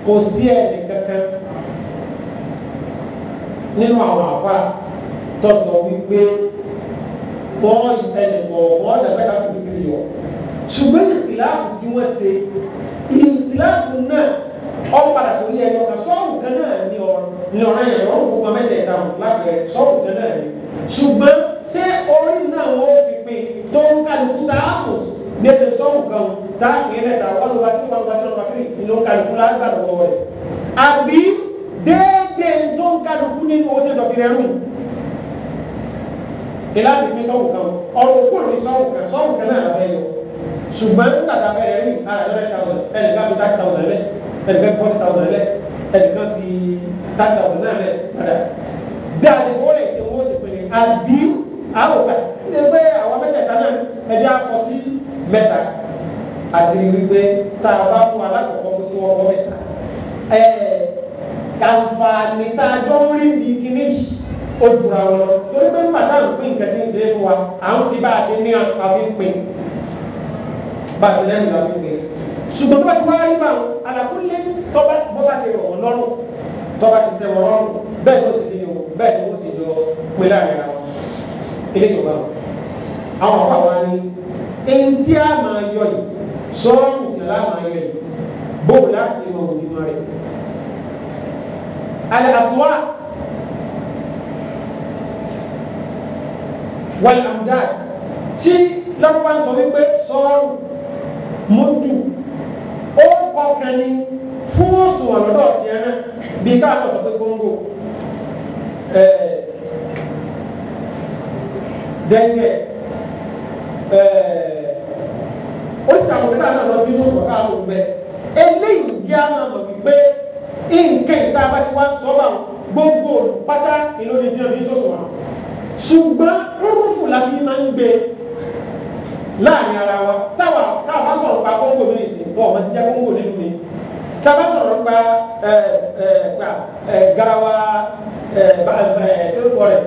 kò sí ẹnì kankan nínú àwọn àfa tó wípé wọ́n ẹnì kọ̀ọ̀kan wọ́n dàgbà ká fi yọ ṣùgbọ́n ìtìláàbù tí wọ́n ṣe ìtìláàbù náà ọ padà sórí ẹyọ kan sọ́ọ̀rù kan náà ní ọ̀ràn yẹn lọ́rùn gbogbo mẹ́tẹ̀ẹ̀ dáhùn lápẹ̀ẹ́ sọ́ọ̀rù kan náà ní ṣùgbọ́n ṣé orí náà wọ́n fi pin tó ń kálukú tá a mọ̀ gbèsè sọ́ọ̀rù kan tá a pin lẹ́ta wọ́n lọ́wọ́ tí wọ́n lọ́wọ́ tí wọ́n fi ìlú kálukú lágbà lọ́wọ́ rẹ̀ àbí déédéé tó ń kálukú nínú oṣù ìlànà ìpín sọ́ọ̀rù kan ọ̀rọ̀ òkú òní sọ́ọ̀rù kan sọ́ọ̀rù kan náà làbẹ́ yọ ṣùgbọ́n nígbà tá a bẹ̀rẹ̀ rí ara ẹ̀ lọ́rẹ́ tàwọn ẹnìkan fi thirty thousand lẹ̀ ẹnìkan fi forty thousand lẹ̀ ẹnìkan fi thirty thousand náà lẹ̀ padà bí a ti wọ́n lè ṣe wọ́n ṣe pèlè àbí àwọn ọ̀gá ilé pé àwọn mẹ́tẹ̀ẹ̀ta náà ẹ̀dí akọ sí mẹ́ta àti wípé tá a bá fún alákọ̀ọ́kọ́ pé kí wọ́n kọ́ mẹ́ta ẹ̀ àǹfààní tá a jọ ń rí bí kíní yìí ó dùn àwọn lọ torí pé nígbà táwọn pín nǹkan tí ń ṣe é fún wa à ń fi bá a ṣe ní àfi ń pín bàtìlẹ́ ìlú àgbègbè ṣùgbọ́n bá ti wá rí bá àlàkùnlé tọ́ba bọ́ba ṣe rọ̀ wọ́n lọ́rùn tọ́ba ti tẹ̀ wọ́n lọ́rùn bẹ́ẹ̀ ló sì fi yòó bẹ́ẹ̀ ló sì yọ pé láàrin àwọn ilé yorùbá àwọn ọ̀pá wa ní ẹni tí a máa yọ yìí sọ́ọ̀rù tí a máa yọ yìí bóòlù láti ṣe máa wò ní mọ́rẹ̀ alẹ́ àṣùwà wàlẹ̀ àmúdá tí lọ́kọ́ bá ń sọ wípé sọ́ọ̀rù mọ́tù ó kọkàn ní fún òsùn ọ̀lọ́dọ̀ ti ẹ̀rẹ́ bí káàkọ́ sọ pé kóńgò dẹ́gbẹ̀ ó sì àwọn òkúta náà lọ sí sọ̀rọ̀ káàkọ́ gbẹ eléyìí jẹ́ àwọn àmọ̀ wípé nǹkan ìta bá ti wá sọ́bà gbogbo pátá ìlú ni tí wọ́n fi sọ̀rọ̀ ṣùgbọ́n rúrúfù la fi máa ń gbé láàrin ara wa táwa táwa sọ̀rọ̀ pa kóńgò ní ìsìn wọn ọmọ jíjẹ kóńgò nínú mi táwa sọ̀rọ̀ pa ẹ ẹ pa ẹ garawa ẹ ba ẹ orúkọ rẹ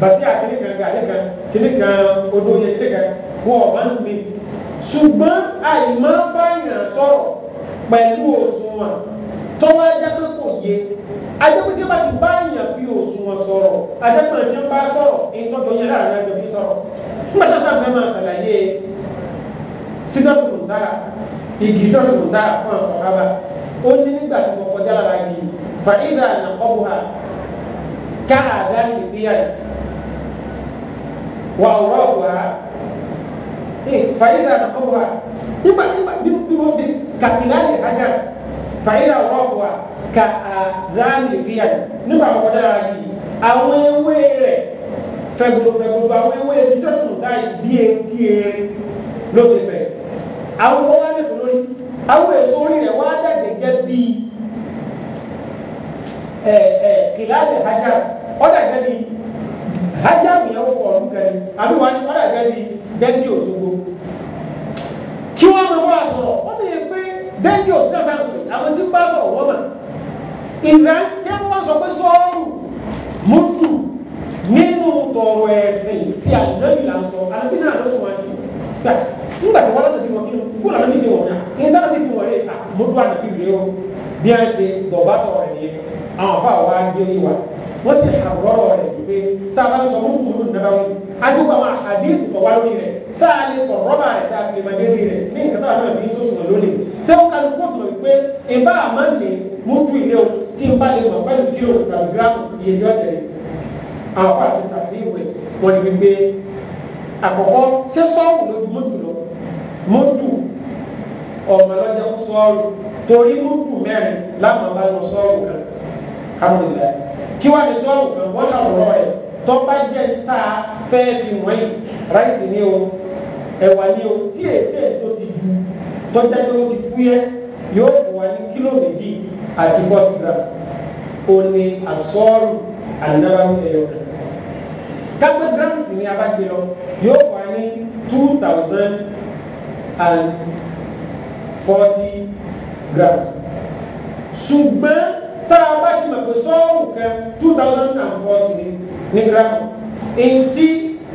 bàtí àkìlì kan gàdé kan kìlì kan odò yẹ kìlì kan wọn ọmọ nínú mi ṣùgbọ́n àìmọ́ báyàn sọ̀rọ̀ pẹ̀lú òṣùwọ̀n tọ́wọ́ ajá pé kò yé ajá pé tí wọ́n ti báyàn fi òṣùwọ̀n sọ̀rọ̀ ajá pé tí wọ́n bá sọ̀rọ̀ ìtọ́jú yẹn láàrin àjọ sọ̀rọ̀ nígbàtà sáà fẹ́ máa sàlàyé sídọ́tùmù dára igi sọ́tùmù dára fún àsọ̀hábà ó ní nígbà tí mo kọjá lára igi fàídà àná ọ̀bù ha ká àdá ní ìbíyà wà ọ̀rọ̀ ọ̀bù ha fàídà àná ọ̀bù ha nígbà nígbà bí mo bí kàkìlá ní ajá fàídà ọ̀rọ̀ ọ̀bù ha ká àdá ní ìbíyà nígbà mo kọjá lára igi àwọn ewé rẹ̀ fẹ̀gbọ̀fẹ̀gbọ̀ àwọn ewé etí sẹ́kùn dáì bí etí erin ló ṣe bẹ̀. àwọn owó wá lè fún lórí àwọn èso orí rẹ̀ wá dẹ̀gbẹ̀ jẹ́ bíi ẹ̀ ẹ̀ kìláàdì hajà ọ̀dà gẹ́ bíi hajà yẹn wọ̀ ọ̀dún kẹrin àbí wà ní ọ̀dà gẹ́ bíi dẹ́ńdì òṣogbo. kí wọ́n máa wá sọ̀rọ̀ ó sì yẹ pé dẹ́ńdì òṣogbo àwọn tí ń bá sọ̀rọ̀ wọ́n mà ìgbà tí wọ́n sọ pé sọ́ọ́rù nínú tọrọ ẹ̀sìn tí àdínábì là ń sọ àdínábì náà lọ́sùn wá sí gbà nígbà tí wọ́n lọ́sọ̀ bí wọn kí kó làwọn ní ṣe wọ̀nyá ní sábà ti fi wọlé àmọ́dún àdàbí rèé o bí a ṣe dọ̀bá tọrọ ẹ̀ yẹn àwọn afọ àwọn agẹ́rẹ́ wa wọ́n sì àwòrán rẹ̀ wípé tá a bá sọ fún kúrú nàbàwí adúgbò àwọn àdéhùn tó wá lórí rẹ̀ sáàlì ọ̀rọ̀bà rẹ̀ tá a fi máa dérí rẹ̀ ní nǹkan tó àwọn ìbí sọ̀sọ̀ lónìí tí ó kálí kó tó wípé ìbá àmọ́ ní mú ju ilé o tí ń bá lè mọ̀ pẹ́lú kílò tàbí gíráàmù iye tí ó àwọn afọ àti tàbí ìwẹ̀ wọ́n ní wípé àkọ́kọ́ ṣé sọ́ọ̀rù lójú mọ́tò lọ mọ́tò ọmọ lọ́jà ń sọ́ọ̀rù torí mọ́tò mẹ́rin láwọn bá lọ sọ́ọ̀rù kan káwọn ìlà kí wàá ní sọ́ọ̀rù kan wọ́n náà rọ ẹ̀ tó bá jẹ́ ta fẹ́ fi wọ́nyìn ráìsì ni o ẹ̀wà ni o tí èsì ẹ̀ tó ti ju tọ́jà tó ti kú yẹ yóò fún wa ní kílò méjì àti forty grams ó ní asọ́ọ̀rù ànábàwọ̀ ẹ̀yọ̀ kápẹ́ gíráǹsì ni a bá gbé lọ yóò fà ní two thousand and forty grams ṣùgbọ́n tá a bá ti mọ̀ pé sọ́ọ̀rù kan two thousand and forty ni ní gíráàmù èyí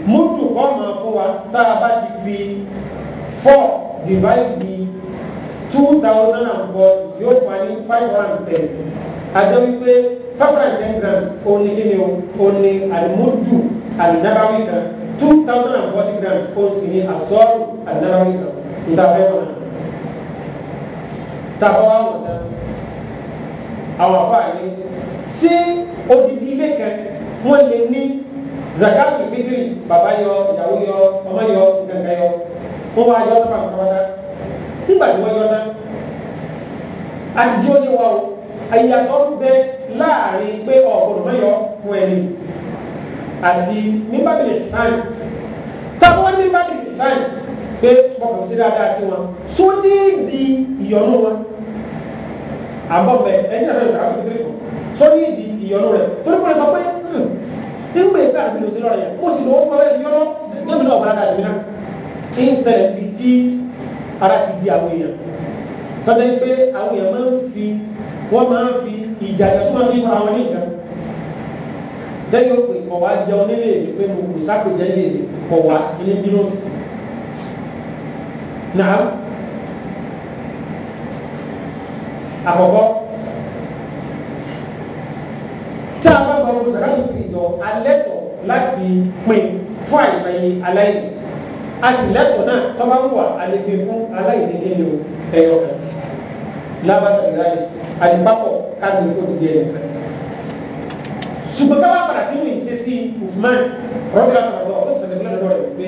mútu kọ́ máa fún wa tá a bá ti fi four divide two thousand and forty yóò fà ní five hundred and ten àjọ wípé five hundred and ten grams ó ní kíni ó ní àlùmọ́jù anáwí kan two thousand and forty grams ó sì ní asọ́rù anáwí kan ìtafẹ́ wọn tàbá wà wọ̀ tán àwọn àfáàní sí odidi ilé kan wọ́n lè ní zakatu bidiri bàbá yọ ìyàwó yọ ọmọ yọ gàngà yọ wọ́n wá yọ sọ́kà pátápátá nígbà tí wọ́n yọ náà àti tí ó yẹ wá o àyàtọ̀ ń bẹ láàrin pé ọ̀gbọ̀n mọ́ yọ fún ẹni àti nígbàdìrì sáyìn tábọ́ nígbàdìrì sáyìn pé mọ̀kàn sí dáadáa sí wọn tó ní di ìyọnu wọn àbọ̀bẹ̀ ẹ̀yìn àti ọ̀sán àti ìdílé kan tó ní di ìyọnu rẹ̀ torí pé sọ pé nígbà hmm, ìgbà àti ìlòsí lọ́rọ̀ yẹn mo sì lọ́wọ́ pọ̀lẹ́ ìyọnu débi náà bàrà dàbí náà kí n ṣẹlẹ̀ bí tí ara ti di àwọn èèyàn tọ́jú pé àwọn èèyàn máa ń fi wọ́n máa ń fi ìjà ìjà tó máa ń fi fún àwọn oníkan jẹ́yọ̀ pé kọ̀ wá jẹun nílé mi pé mo pè sápèjẹ́ nílé mi kọ̀ wá ilé bínú sí. Nàá àkọ́kọ́ tí a bá sọ̀rọ̀ kòsàkà tó fi jọ alẹ́tọ̀ láti pín fún àìmọye aláìní a sì lẹ́tọ̀ náà tó bá ń wà alẹ́gbẹ́ fún aláìní nílò ẹ̀yọ̀ kan lábàṣà ìráyè àdìpapọ̀ káàdì kò ẹ̀yọ̀ kan ṣùgbọ́n ká wàá padà sínú ìṣesí Usman rọ́bì àtàwọn ọ̀rọ̀ sọ̀rọ̀ ìgbìlẹ̀ lọ́dọ̀ rẹ̀ pé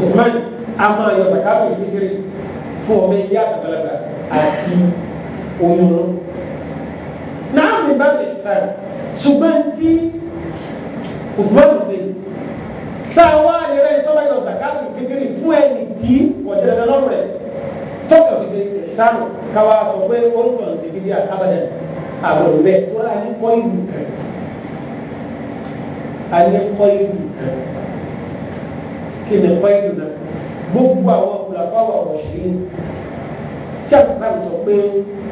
Usman a máa yọ sàkáàtò kékeré fún ọmọ ẹgbẹ́ àtàgbàlagbà àti oyún wọn. náà mi bá lè sá ṣùgbọ́n tí Usman ṣe sáà wá ayẹyẹ ìtọ́lá yọ sàkáàtò kékeré fún ẹni tí ọ̀jẹ̀dẹ̀ lọ́rùn rẹ̀ tọ́kà fi ṣe ìsánù káwá sọ pé orúkọ ọ̀sẹ̀ gidi àbájáde àwọn ọ̀rẹ́ wọn á ní kọ́ ìlú kan á ní kọ́ ìlú kan kí ni kọ́ ìlú náà gbogbo àwọn kùlàfáwà ọ̀ṣìn tí a sàn sọ pé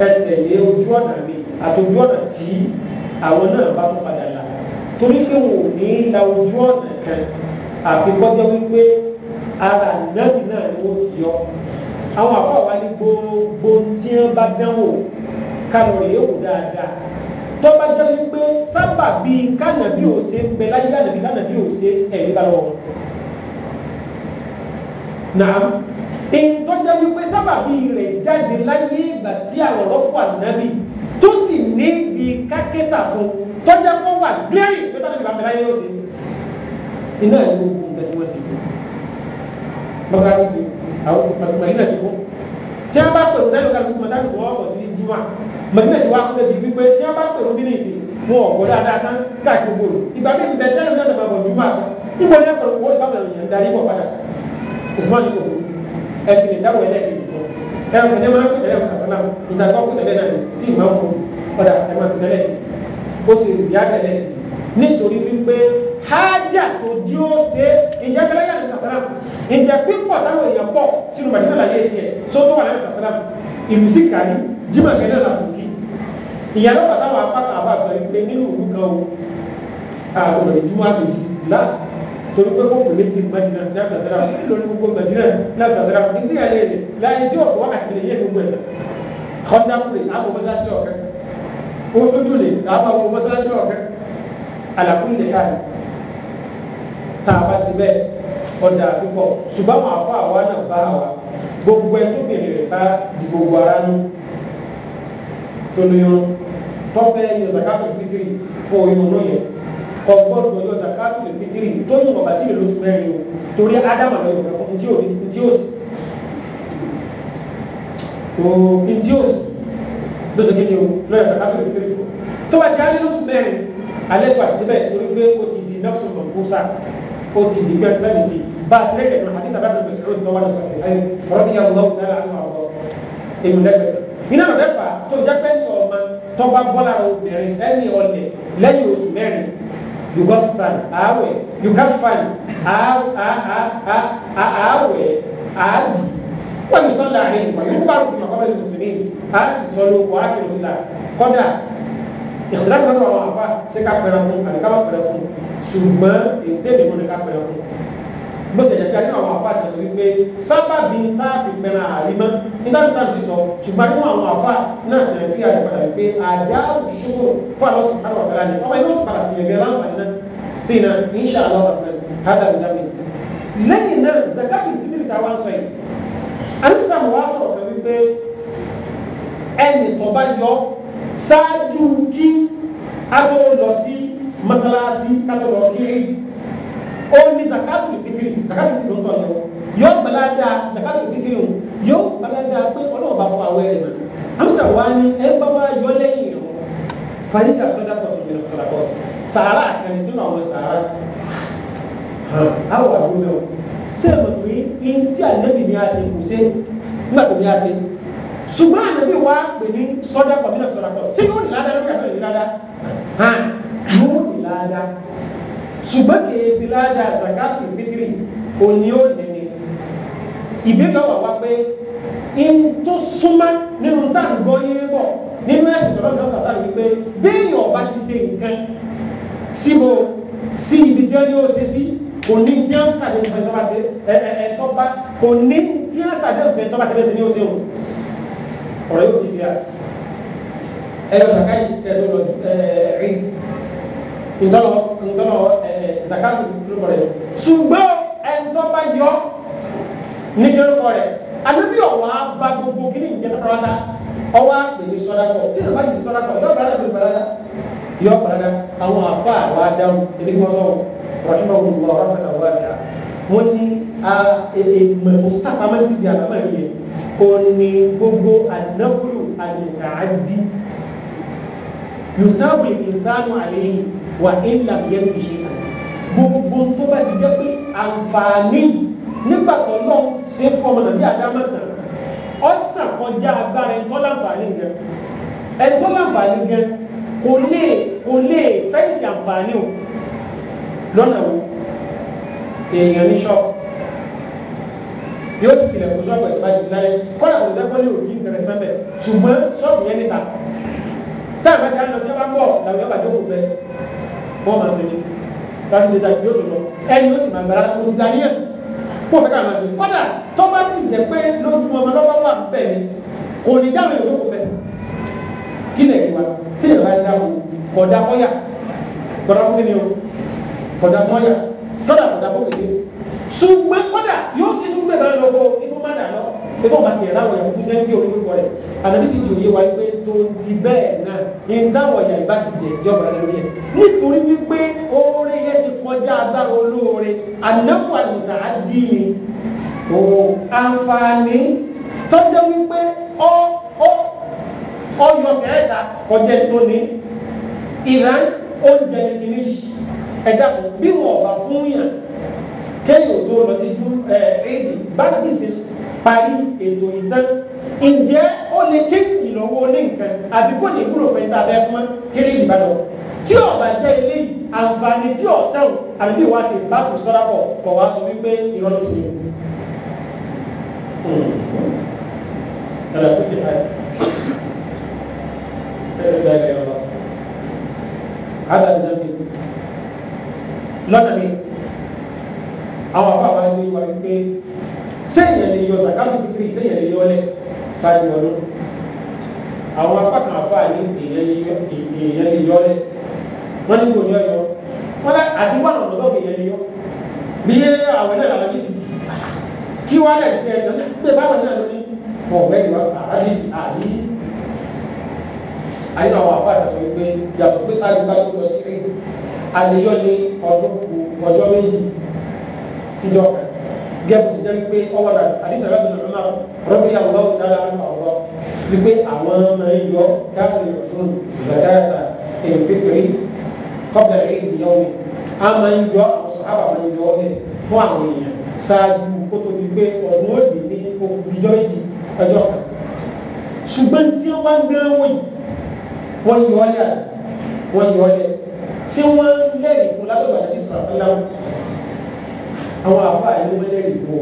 ẹtẹ̀lé ojú ọ̀nà mi àtòjú ọ̀nà tí àwọn náà bá mú padà là torí pé wò ní la ojú ọ̀nà kan àfi kọjá wípé ara nẹ́ẹ̀mí náà ni wọ́n ti yọ àwọn àbáwá ní gbogbo tí wọ́n bá dánwò kalori yóò dáadáa tọ́ba jẹ́ wípé sábà bíi kánàbí òsè ń bẹ láyé kánàbí kánàbí òsè ẹ̀rí bá lọ́wọ́ nàám ìtọ́jà wípé sábà bíi rẹ̀ jáde láyé ìgbà tí àwọn ọlọ́pàá nàbì tó sì ní di kákẹ́tà fún tọ́jà kó wà gbẹ́rì pé tábìlì bá bẹ láyé òsè iná ẹ̀ ló kún bẹ́ẹ̀ tí wọ́n sì kú mọ́sálásí ti àwọn màsílẹ̀ ti kú tí wọ́n bá pè wọ́n dáná kálukú mọ́tàkùn wọ́n wọ̀ sí jùmọ̀ mọ̀tínà ti wá kó lẹ́sìn wípé tí wọ́n bá pèrò bí nìsín wọn ò gbọ́dọ̀ àdá tán káàkiri gbòòrò ìgbà mi bẹ̀ tẹ́lẹ̀ náà nàbà bọ̀ jùmọ̀ àgbà níbo ní ẹ̀kọ́ owó ìbámu ẹ̀rọ yẹn darí bọ̀ padà Usman ní kòkó ẹ̀sìn ìdáwọ̀ ẹ̀ lẹ́ẹ̀kejì kọ́ ẹ̀rọ kò ní máa ń pèlè ẹ̀kọ́ sàlám ìdàgbọ́ kò tẹ̀lé náà tí ì máa ń fún ọ̀dà ẹ̀ máa tẹ̀lé ó sì zìá tẹ̀lé nítorí wípé hájà tó jí ó ṣe ìjẹ́ bẹ́lẹ́ yàrá sàsàlám ìjẹ́ pípọ̀ táwọn èèyàn pọ̀ sínú màdínà láyé tiẹ̀ sótó wà láyé sàsàlám ìlú sí kàrí jimá kẹ́lẹ́ ìyàrá bàtà wà pàtà àbá sọ pé nínú ìlú kan o àwọn ìjùmọ̀ àbèjì là torí pé kó kòlé ti gbajúmọ̀ ní àṣàṣàrà lórí gbogbo gbajúmọ̀ ní àṣàṣàrà ìdí àlẹ́ rẹ̀ láyé tí ọ̀pọ̀ wákàtí lè yé gbogbo ẹ̀ kọjá kúrè àwọn mọ́sálásí ọ̀kẹ́ ojoojú lè àwọn mọ́sálásí ọ̀kẹ́ àlàkùn lè ká tá a bá sí bẹ́ẹ̀ ọ̀dà púpọ̀ ṣùgbọ́n àwọn àfọ àwa náà bá wa gbogbo ẹ̀ tóbi rẹ̀ bá di gbogbo ara nù tolóyún tọ́fẹ́ yọ zakatu fitiri kò yọ lóyẹ ọgbọ́dọ̀ yọ zakatu fitiri tó yọ bàbá tí ìlú sùn mẹ́rin o torí ádámà lọ yọ kẹ́kọ̀ọ́ ntí òbí ntí òsì òbí ntí òsì lọ́sọ̀ kí ni o lọ́yọ̀ zakatu fitiri kò tó bá ti alẹ́ lọ́sùn mẹ́rin alẹ́ tó àti síbẹ̀ torí pé o ti di nọ́ọ̀sùn lọ́kùsà o ti di pẹ́ẹ́tẹ́lì sí bá a sílẹ̀ kẹ̀kẹ́ àti tàbí àti bẹ̀sẹ̀ lórí tọ́wọ́ lọ́sọ̀ kẹ̀kẹ́ rọ́bìyàn lọ́wọ́ tẹ́lẹ̀ àti màwọ́ èyí lẹ́gbẹ̀ẹ́ tó jẹ́ pé ní ọmọ tọ́ba bọ́lá obìnrin ẹni ọ̀lẹ̀ lẹ́yìn oṣù mẹ́rin yugosan ààwẹ̀ yugafan ààwẹ̀ ààjì wọ́n ti sọ́lá rẹ̀ nípa yóò bá rúkú màkọ́ bẹ́ẹ̀ mùsùlùmí a sì sọ ló wọ́n á fi rò sílá kọ́dà ìkìlẹ̀ tó lọ́wọ́ àwọn àfa ṣé ká pẹ̀rẹ̀ fún àbíká má pẹ̀rẹ̀ fún ṣùgbọ́n èdè mi kò ká pẹ̀rẹ̀ fún bó ṣe yẹ̀ka nínú àwọn àfa àṣẹṣe wípé sábàbí táàfì pẹ̀lú àrímọ́ nígbà tí sáàfì sísọ ṣùgbọ́n nínú àwọn àfa náà tẹ̀lé fi àyè padà wípé àjá òṣùṣòwò fún àlọ́ sùn káàkiri ọ̀gá ni ọmọ yóò sùn padà sí ẹ̀gbẹ́ láǹfààní náà sí iná insha Allah rahman hada alami. lẹ́yìn náà zakati fitiri ta wá ń sọ yìí alisam wa sọ̀rọ̀ kan wípé ẹnì tó bá yọ ṣáájú kí a tó lọ sí masalasi ká ó ní zakatu fitiri zakatu fitiri ń tọ̀ yẹn yóò gbala da zakatu fitiri o yóò gbala da pé ọlọ́wọ́ bá fọ awẹ́ rẹ̀ mọ́ amsa wa ni ẹ bá wa yọ lẹ́yìn rẹ̀ fani ka sọdá tọ̀ tó yẹn sọ̀rọ̀ kọ́ sàárà kan nínú àwọn sàárà awọ àdúgbò mẹ́wọ̀ sẹ́wọ̀n pé ntí ànábì ni a ṣe kò ṣe nígbà tó ní a ṣe ṣùgbọ́n ànábì wa pè ní sọdá tọ̀ tó yẹn sọ̀rọ̀ kọ́ sí yóò ní ládàá lórí àtọ̀ yẹn ní ládàá ṣùgbọ́n kìí ṣe ládàá zakatu fitiri òní ó ní ni ìbéèrè wà wá pé n tó súnmọ́ nínú tá à ń gbọ́ yé bọ̀ nínú ẹ̀sìn tọ́lọ́ mi ọ̀sán sáré wípé béèyàn ọba ti ṣe nǹkan síbo sí ibi tí wọ́n yóò ṣe sí kò ní tí wọ́n sàdé ìfẹ́ tó bá ṣe ẹ ẹ ẹ tó bá kò ní tí wọ́n sàdé ìfẹ́ tó bá ṣe bẹ́sẹ̀ ní oṣù ọ̀rọ̀ yóò ti di à ẹ lọ sàkáyì ẹ lọ ẹ rí ìtọ́nà ìtọ́nà zakatu lórúkọ rẹ̀ ṣùgbọ́n ẹ̀ńtọ́ bá yọ ní kí lórúkọ rẹ̀ àdébí ọ̀wá bá gbogbo kí ní ìjẹ́ tọ́lá ọwọ́ àpèlé sọ́dá kọ̀ tí ìjọba ti sọ́dá kọ̀ ìjọba rẹ̀ lórí balada yọ balada àwọn àfa àwọn adáwọ̀ ebi kí wọ́n sọ̀rọ̀ rọ̀ṣùmọ̀ wùwọ̀ ọ̀rọ̀ fẹ́ wá sí a wọ́n ní èèmọ̀ e, e, mùsàpámẹ́sì bíi àbámẹ́ yẹ òní gbogbo ànákùlù àdìgbà àdì yùsáwìlì ìsánú àlẹ́ yìí wà ilà yẹn fi ṣe àná gbogbo tó bá ti jẹ́ pé àǹfààní nígbà tó lọ ṣe fọmọ nàbí àdámọ́ tán ọ̀sán kọjá agbára ẹ̀ tọ́lá àǹfààní yẹn ẹ̀ tọ́lá àǹfààní yẹn kò lè kò lè fẹ́ǹsì àǹfààní o lọ́nà wo èèyàn ní ṣọ́ọ̀bù yóò sì tilẹ̀ kó ṣọ́ọ̀bù ẹ̀ bá ti lálẹ́ kọ́lá kò dẹ́kọ́ lé òkè nǹkan ẹ̀fẹ́ bẹ̀ ṣùgbọ́n ṣọ́ọ̀bù yẹn níta táà bá ti á lọ sí ẹ bá ń bọ̀ làwọn yóò bá jókòó bẹ́ẹ̀ wọ́n máa ṣe ní láti lè dájú yóò tó lọ ẹni ó sì máa gbára ó sì darí ẹ̀ kó fẹ́ ká máa ṣe kódà tó bá sì jẹ́ pé lójú ọmọ lọ́wọ́ wà bẹ́ẹ̀ ni kò ní dáhùn èrò kò fẹ́ kí lè wá tí èrò bá dáhùn kọ̀dá kọ́yà kọ̀dá fún mi o kọ̀dá kọ́yà kódà kọ̀dá fún kékeré ṣùgbọ́n kódà yóò kí inú gbẹ̀dọ̀ lọ́wọ́ inú má dà lọ́wọ́ pé tó bá tiẹ̀ láwọn yẹn kúkú sẹ́ńdí òun lórúkọ rẹ̀ ànábì sì ti òye wa pé tó ti bẹ́ẹ̀ náà ní dáwọ̀ yà ìbá sì tiẹ̀ jọba rẹ̀ lórí ẹ̀ nítorí wípé oore yẹn ti kọjá agbára olóore ànáwó àlùdà á dì í o àǹfààní tọ́jú wípé ọ ọyọ kẹta kọjá tó ní ìran oúnjẹ kìíní ẹ̀dá bí wọn ọba fún yàn kéèyàn tó lọ sí fún ẹ̀ẹ́dì bá ti ṣe parí ètò ìtàn ǹjẹ́ ó lè chéǹjì lọ́wọ́ ní nǹkan àbí kò ní wúlò fẹ́ tá a bẹ́ fún tírí ìbàdàn tí ó bá jẹ́ ilé àǹfààní tí ọ̀tàn àbí bí wàá ṣe bá kò sọ́ra pọ̀ kọ̀ wá sọ wípé ìrọ́lọ́ sí i. Ẹ̀rọ tó dé báyìí. Ẹ̀rọ tó dé báyìí adájọ́ mi lọ́nà mi àwọn àbá wa ní wà wípé sẹ́yìn lè yọ sàkàtù fitiri sẹ́yìn lè yọ lẹ̀ sáájú ọdún àwọn apákan apá yìí èèyàn lè yọ lẹ̀ wọ́n ní kò ní ọ̀yọ́ wọ́n lẹ́ àti wọ́n lọ́dọ̀ tó èèyàn lè yọ bí yé àwọn náà làwọn yìí ti kí wọ́n lẹ̀ ní ẹ̀jọ̀ náà pé báwọn náà lóní ọ̀gbẹ́ ìwà àbí àbí àyè àwọn apá àtàwọn ìgbé yàtọ̀ pé sáájú ká tó lọ sí àlèyọ́ ní ọdún ọjọ́ méjì síjọ́ kan gẹ́gẹ́ sí jẹ́ pé ọwọ́ rẹ̀ àdínà rẹ̀ bìnrin náà rọ́bì àwọn ọ̀dára ń bàwọ́ wípé àwọn ọmọ ẹ̀ yọ káàkiri ọdún ìgbàdáyàtà èyí pípẹ́rì kọ́bẹ̀rẹ̀ èyí ìyàwó mi a máa ń yọ àwọn sọ̀hábà máa ń yọ ọ́ bẹ̀ fún àwọn èèyàn ṣáájú kó tó di pé ọ̀dún ó lè ní òkùnjọ́ méjì ọjọ́ kan ṣùgbọ́n tí wọ́n bá ń gbé wọ̀nyí wọ́n yọ ọ́ wọ́n yọ ọ́ tí wọ́n lẹ́rìí fún lábẹ́ àwọn àbá yìí wọ́n lẹ́yìn ìbò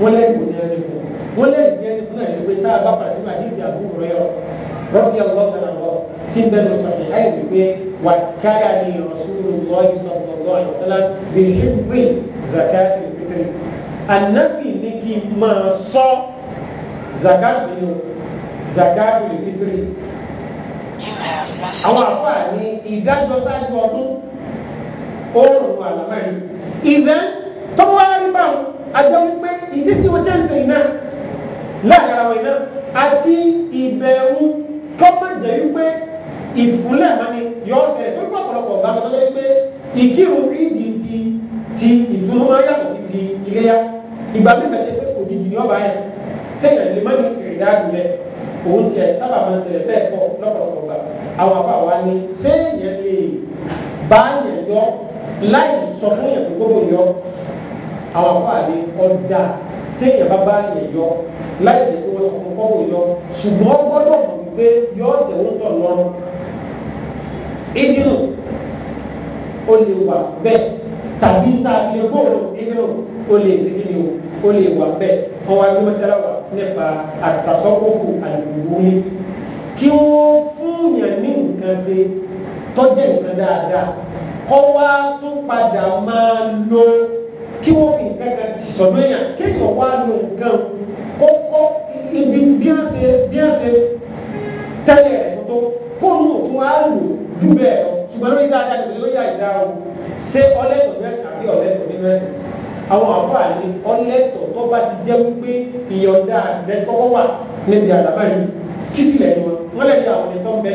wọ́n lẹ́yìn ìbò ní ẹni fún wọ́n lẹ́yìn ìdí ẹni fún ẹ̀yìn pé tá a bá padà sínú àdéhùn àbúrò rẹ̀ rọ́bì ọlọ́ọ̀tàn àlọ́ tí ń bẹnu sọ̀rọ̀ láì wí pé wà káyà ni rasúlù lọ́ọ̀yì sọ̀rọ̀ lọ́ọ̀yì sọ́lá bí ṣùgbọ́n zakati fitiri anabi ní kí n máa sọ zakati ni zakati fitiri àwọn àfáà ní ìdájọ́ sáájú ọdún ó rùn àlámẹ́rin ìdán tọ́wọ́ wá rí báwọn àjọ wípé ìṣesí wọn jẹ́ ìṣe iná láàrin ara wọn iná àti ìbẹ̀rù tọ́mọ̀jẹ̀ wípé ìfúnlẹ̀ mọ́ni yọ ọ́ sẹ́yìn tó ń pọ̀pọ̀lọpọ̀ bá wọn lọ́jọ́ wípé ìkírun ìdí ti ti ìdúró máa yàtọ̀ sí ti iléyà ìgbà mímẹ́ tẹ́ pé òjijì ni ọba yẹn téèyàn lè má ní ìrìnà àgùnlẹ̀ òun tiẹ̀ sábà máa ń tẹ̀lé bẹ́ẹ̀ pọ̀ lọ́pọ̀lọpọ̀ gbà àwọn àbá wa ni séèyàn lè bá yẹn yọ láì sọ fún yẹn kó yọ àwọn afáàní ọ̀dà téèyàn bá bá yẹn yọ láì lè tó wọ́n sọ̀kún kọ́wọ́ yọ ṣùgbọ́n gbọ́dọ̀ mọ̀ wípé yọ tẹ̀wọ́ tọ̀ lọ́rùn ìdínú ó lè wà bẹ́ẹ̀ tàbí tá a lè gbòòrò ìdínú ó lè ṣe kí ni o ó lè wà bẹ́ẹ̀ ọwọ́ ẹgbẹ́ mọ́sálà wà nípa àtàsọ́kòkò àlùkùnrin kí wọ́n fún yàn ní nǹkan ṣe tọ́jú nǹkan dáadáa kọ́ wa tún padà máa lo kí wọ́n fi nǹkan kan ti sọ̀nà yàn kéèyàn wá lo nǹkan kókó ibi bí wọ́n ṣe bí wọ́n ṣe tẹ́lẹ̀ rẹ̀ tó kó nù òkun á lò jù bẹ́ẹ̀ lọ ṣùgbọ́n lórí dáadáa lòdì lórí àìdá o ṣé ọlẹ́tọ̀ mẹ́sàn àbí ọlẹ́tọ̀ ní mẹ́sàn àwọn àfààní ọlẹ́tọ̀ tó bá ti jẹ́ wípé ìyọ̀ǹda àgbẹ̀kọ́kọ́ wà níbi àdàbà yìí kí sì lẹ́nu wọn wọn lè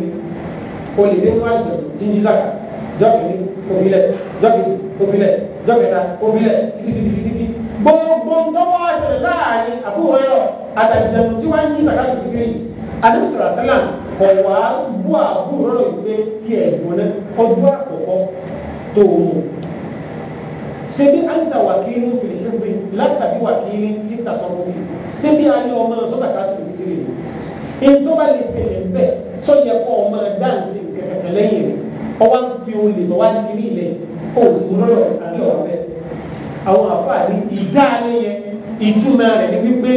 ní o lè dé níwájú tí ń jí zaka jọ́kìlì òfilẹ̀ jọ́kìlì òfilẹ̀ jọ́kìlà òfilẹ̀ títítítítí gbogbo ntọ́wọ́ àṣẹlẹ̀ láàrin àbúrò yọ àtàlìjẹ̀nu tí wọ́n ń jí zaka kékeré yìí adébísọ̀rọ̀ àṣẹlẹ̀ kọ̀ wá bú àbúrò rẹ̀ pé tiẹ̀ gbóná ọdún àkọ́kọ́ tó o mú sebi anta wakili fili hifdhi lasta bi wakili fi tasarrufi sebi ali ọmọ sọta ka tuli kiri ni ntọba le sele bẹ sọnyẹ kọ ọmọ dansi kankan lẹ́yìn rẹ̀ ọwọ́ fi olè lọ́wọ́ adìgí ní ilẹ̀ ó sì mú lọ́rọ̀ àti ọ̀rọ̀ rẹ̀ àwọn àfààní ìdáàlẹ́ yẹn ìtumọ̀ rẹ̀ ni wípé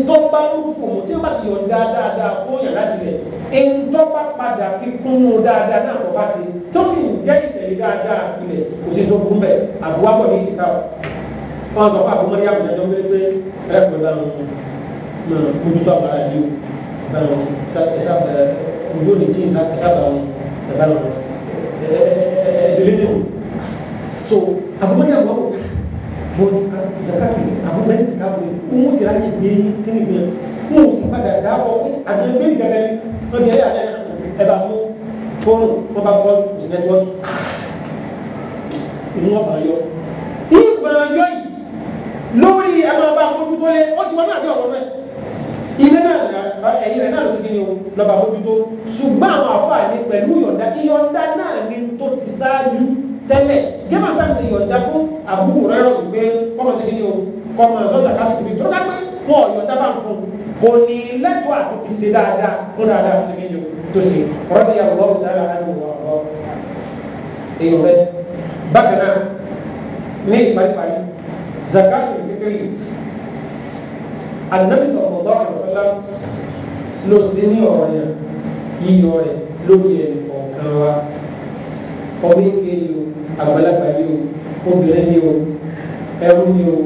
ntọ́ba ń fò mú tí ó bá ti yọ̀ dáadáa fún yàn láti rẹ̀ ntọ́ba padà fi kún un dáadáa náà kọ́ bá ṣe tó sì ń jẹ́ ìtẹ̀lé dáadáa ilẹ̀ kò sí tó kún bẹ́ẹ̀ àbúwá pọ̀ ní ìtìká o wọ́n sọ fún àbúmọ́rí àbùdájọ́ pé pé ẹ̀rẹ́fọ̀ ìbámu mọ̀ ojútọ́ àbára yìí o ìbámu ojú ò ní tí ì sábà wọn ẹ̀rọ ẹ̀ẹ́dẹ́gbẹ̀tò so àbúmọ̀yà wà wò bọ́n zakati àbúmọ̀ ẹ̀ẹ́dẹ́gbẹ̀tì káàbọ̀ ọmọ ti ráyè dé kíni gbẹ ọmọ sì padà dáwọ́ àtẹ̀gbẹ́ gẹ́gẹ́ lọ́dẹ ẹ̀yà ẹ̀ bá mú fóònù wọn bá kọ́ jìnẹ́tọ́ inú ọ̀bà yọ ìgbà yọ yìí lórí ẹ̀ máa bá àkójútó lé ó ti wọ́n náà bí ọ̀rọ̀ náà ilé náà ẹ̀yìn rẹ̀ náà ló ti kí ni o lọ́ba mójútó ṣùgbọ́n àwọn àfáà ní pẹ̀lú ìyọ̀ǹda ìyọ̀ǹda náà ni tó ti ṣáájú tẹ́lẹ̀ gẹ́gbà sáàsì ìyọ̀ǹda fún àbúrò rẹ̀ rọ̀ pé kọ́mọ̀ ti kí ni o kọ́mọ̀ sọ́sà ká tuntun tó ká pé wọn ìyọ̀ǹda bá ń fún kò ní lẹ́tọ̀ àti ti ṣe dáadáa kó dáadáa ti kí ni o tó ṣe rọ́bì àwọn Ànábì sallallahu alaihi wasallam ló sì ní ọ̀rọ̀ yẹn yíyọ rẹ̀ lórí ẹni kọ̀ọ̀kan wa ọmọ ike yìí o àgbàlagbà yìí o obìnrin yìí o ẹrú yìí o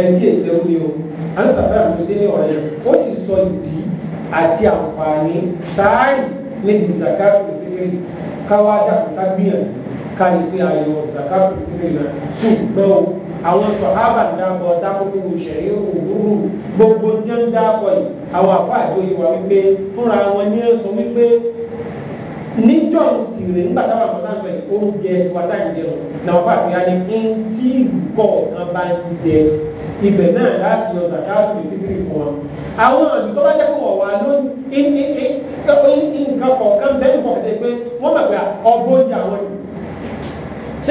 ẹtí ẹsẹ̀rú yìí o ànsàfẹ́ àmúṣe ní ọ̀rọ̀ yẹn ó sì sọ ìdí àti káyọ̀ pé àyẹ̀wò zakatu fífi náà ṣùgbọ́n àwọn sọ̀hábà ń dábọ̀ dákòókò ìṣẹ̀lẹ̀ òwúrò gbogbo jẹ́ ń dábọ̀ yìí àwọn àpá àgbóyè wà wípé fúnra wọn ní ẹ̀sùn wípé níjọ́ ìsìnrè nígbà táwọn àfọ̀tán sọ yìí oúnjẹ tiwa táyì jẹ lọ làwọn fà fìyà ni ń tí ìgbọ̀ kan bá ń jẹ ibẹ̀ náà láti yọ zakatu fífi fún wọn. àwọn àmì tó bá jẹ́ fún ọ̀wà lónìí nǹkan kọ̀ọ̀kan bẹ́ẹ̀ ní pọ̀ tí wọ́n bá ń sọ nílẹ̀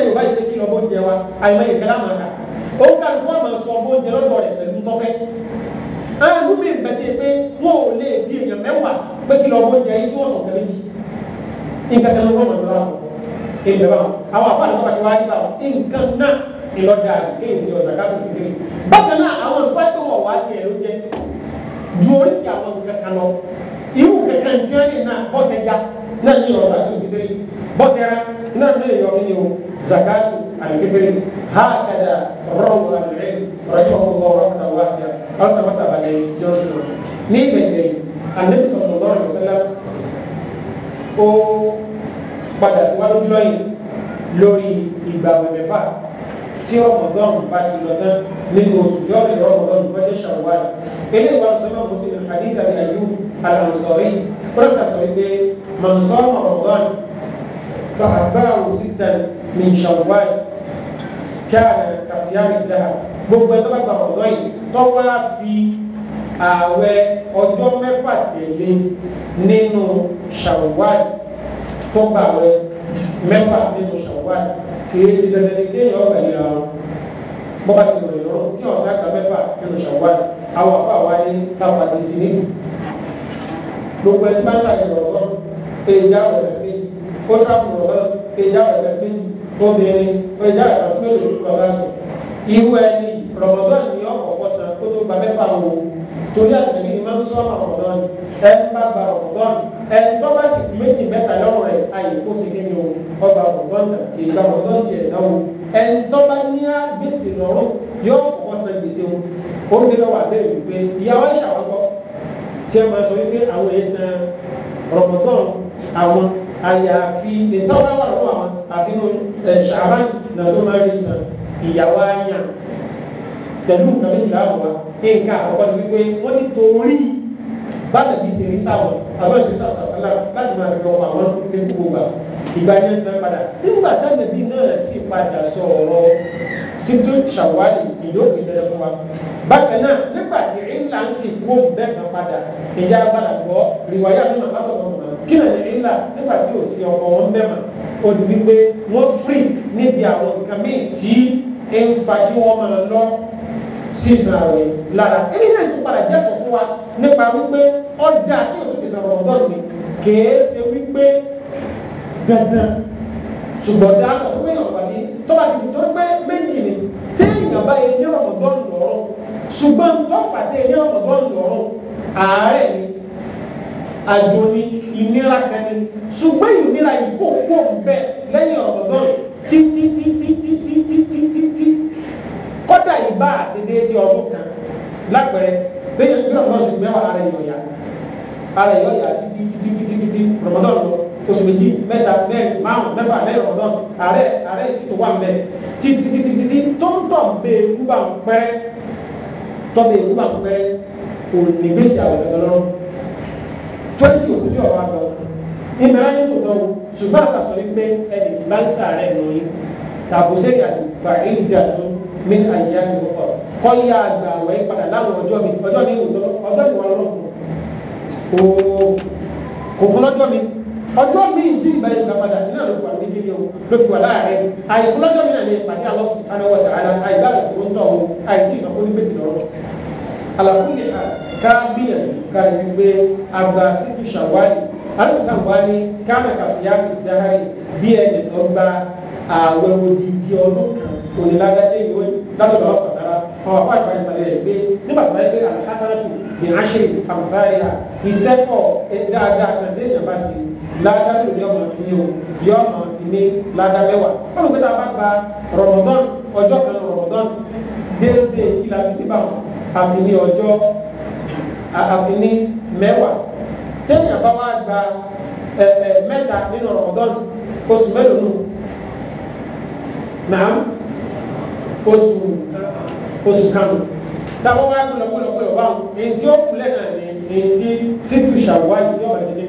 yorùbá yìí kí lọ́bọ̀ jẹ wa àìmọye kẹlẹ́ àmọ́ ká ó ká ló wọ́n máa sọ bó jẹ lọ́dọ̀ rẹ̀ pẹ̀lú tọ́fẹ́ àánú mi ń bẹ̀tẹ̀ pé wọ́n ò lè bí èèyàn mẹ́wàá pé kí lọ́bọ̀ jẹ yìí tí wọ́n sọ kẹ́lẹ́ jì nǹkan kan ló wọ́n máa ìjọba àwọn àpá àti pàtàkì wáyé bá nǹkan náà ìlọjà kéèyàn ọjà káàkiri kékeré bákan náà àwọn nǹkan tó wọ̀ wá sí ẹ̀ ló jẹ́ ju oríṣi àwọn nǹkan kan lọ irú kankan jẹ́ ní náà bọ́sẹ̀ já náà ní ọ̀rọ̀ bàtí òkìtìrì bọ́sẹ̀ra náà ní ìyọ̀rọ̀ ní o zakatu àlùkìtìrì ha kàdà rọ́ọ̀mù àlùrẹ́ rọ́jò ọ̀gbọ̀n rọ́ọ̀kàdà wáṣíà ọ̀sán mọ́sá balẹ̀ yọ̀ọ̀sán ní ìbẹ̀yẹ̀ àlẹ́ sọ̀rọ̀ lọ́rọ̀ ìṣẹ́lá ó padà síwájú lọ́yìn lórí ìgbà wẹ̀mẹ̀fà tí ọmọdọ́rùn bá ti lọ tán nínú oṣù tí ọ̀rẹ́ ọmọdọ́rùn bá ti ṣàwárí eléyìí wà sọ́nà mùsùlùmí àdìgbà ní àyù àlàǹsọ̀rí pírọ́fẹ̀sà sọ wípé mọ̀nsọ́mọ̀ ọ̀gán bàbáwò síta ní ṣàwùwáì káàrẹ̀ kàṣíyàmì dáhà gbogbo ẹ̀ tó bá gba ọ̀gán yìí tó wá fi ààwẹ̀ ọjọ́ mẹ́fà tẹ̀lé nínú ṣàwùwáì tó gba ààwẹ̀ mẹ́fà nínú ṣàwùwáì kìí ṣe dandan ní kéèyàn ọ̀gá yìí rárá bọ́ba ti lòlẹ̀ lọ́rùn kí ọ̀sán àgbà mẹ́fà nínú ṣàwùwáì àwọn àfọ àwa ní àti sinítù gbogbo ẹtí bá ń ṣàyẹ̀wò ọ̀rọ̀ èyí á wọ̀ ẹ̀sìn méjì ó ṣàbùn ọ̀rọ̀ èyí á wọ̀ ẹ̀sìn méjì obìnrin èyí á wọ̀ ẹ̀sìn méjì irú ẹni rọ̀mọ̀dọ́n ni ọ̀kọ̀ọ̀kọ̀ san kó tó gba mẹ́fà wo torí àtẹ̀lẹ́ ni máa ń sọ́nà rọ̀mọ̀dọ́n ẹ bá ba rọ̀mọ̀dọ́n ẹ ń tọ́ bá sì méjì mẹ́ta lọ́rùn rẹ̀ ayè kó ṣe kí ni o ọba rọ̀mọ̀dọ́n náà kì í gba rọ̀mọ̀dọ́n tiẹ̀ náà o ẹ ń bá ní á lọ́rùn yóò kọ́kọ́ san gbèsè o ó ń lọ́wọ́ àbẹ́rẹ́ wípé ìyàwó ìṣàwọn tí a máa sọ wípé àwọn èèsàn rọ̀mọ̀tán àwọn àyàfi ìtọ́wọ́ wà fún àwọn àfinú ṣàbá nàtó máa rí san ìyàwó àyàn pẹ̀lú nǹkan méjì láwùwá nǹkan àkọ́kọ́ ni wípé wọ́n ti torí bàtà bíi sèré sáwọn àbẹ̀wò sèré sáwọn sàlá láti máa fi ọkọ̀ àwọn ìgbẹ́ gbogbo gbà ìgbà yẹn san padà nígbà táwọn ẹbí náà sì padà sọ ọ̀rọ̀ sibtu sawari ìyóò fi lẹ́yìn fún wa bákan náà nígbà tí ìlà ń sì kó bẹ́ẹ̀ kan padà ìjà padà gbọ́ rìwáyà ní màmá tó kọ́ mọ̀ kí lè ní ìlà nígbà tí ò sí ọkọ̀ wọn bẹ́ẹ̀ mà ó di wípé wọ́n firi níbi àwọn nǹkan míì tí ń fa kí wọ́n máa lọ sísan rẹ̀ lára èyí náà tún padà jẹ́ fún wa nípa wípé ọjà tí òun ti sọ̀rọ̀ ọ̀dọ́ ni kèé ṣe wípé dandan ṣùgbọ́n dáàbò fún mi náà tọ́ba ti di torí pé méjì ni téèyàn báyìí ní rọ̀mọ̀dọ́nù lọ́rùn ṣùgbọ́n tọ́fà tẹ̀ ní rọ̀mọ̀dọ́nù lọ́rùn ààrẹ ni àjò ni ìnira kan ni ṣùgbọ́n ìnira yìí kò kó bẹ́ẹ̀ lẹ́yìn rọ̀mọ̀dọ́nù títítítítítítítítítí kọ́dà ìbá àṣedéédé ọdún kan lápẹ̀rẹ̀ bẹ́ẹ̀ ni rọ̀mọ̀dọ́nù ṣùgbọ́n ara ìyọ̀yà ara ìyọ̀yà títítítítítítí rọ̀mọ̀dọ́nù lọ oṣù méjì mẹ́ta mẹ́rin márùn mẹ́fà lẹ́yìn ọdún ààrẹ ààrẹ ìṣètò wà mẹ títítítítí tó ń tọ̀ bẹ́ẹ̀ kúbà pẹ́ tọ́ bẹ́ẹ̀ kúbà pẹ́ onígbèsè àwọn ọlọ́run twenty òkú tí ọ̀rọ̀ àgbọ̀ ìmọ̀ràn yín kò tọ́wọ́ ṣùgbọ́n àṣàṣọ yìí pé ẹnì bá ń sàárẹ̀ nù yín tàbùsẹ̀ ìyàgbà ìdà tó mí àyíyá ni wọ́n kọ̀ kọ́ yá àgbà àwẹ̀ padà láwọn ọjọ́ mi ọjọ́ mi ò tọ́ ọjọ́ mi wà lọ́rùn kò fún lọ́jọ́ mi ọjọ́ míì tí ìgbà yìí gbàpadà nínú àwọn ìpàdé nílé o ló fi wà láàrin àìkú lọ́jọ́ mi náà ní ìpàdé Allah subhanahu wa ta'ala àìgbà àtòkò ń tọ̀ o àìsí ìsọ̀kò ní gbèsè lọ́rọ̀. àlàfóònì ká gbìyànjú ká rí pé àgbà síbi ṣàwárí àṣìṣà wà ní káàmà kàṣíyá ìdáhàrí bí ẹni tó gba àwẹ̀ odidi ọdún kan onílágbàdé ìwé látọ̀dọ̀ ọ̀pọ̀tara ọ̀pọ̀ àpá ìsàlẹ̀ rẹ̀ pé nígbà tó wáyé pé alhassanatu bin ashiri amfariya ládàbí ni ọmọ ìpín o bí ọmọ ìní ládà mẹ́wàá wọn kò tá a bá gba rọmọdán ọjọ́ kan rọmọdán déédé ìlà títí bá wọn àfi ní ọjọ́ àfi ní mẹ́wàá tẹ́lẹ̀ àbá wa gba mẹ́ta nínú rọmọdán oṣù mélòó nù nàám oṣù oṣù kanu tàbá wa kú lọ́pọ̀lọpọ̀ yọ̀ báwọn èyí tí ó kulẹ̀ náà ni èyí tí sítú ṣàwáyé tí ó bá ti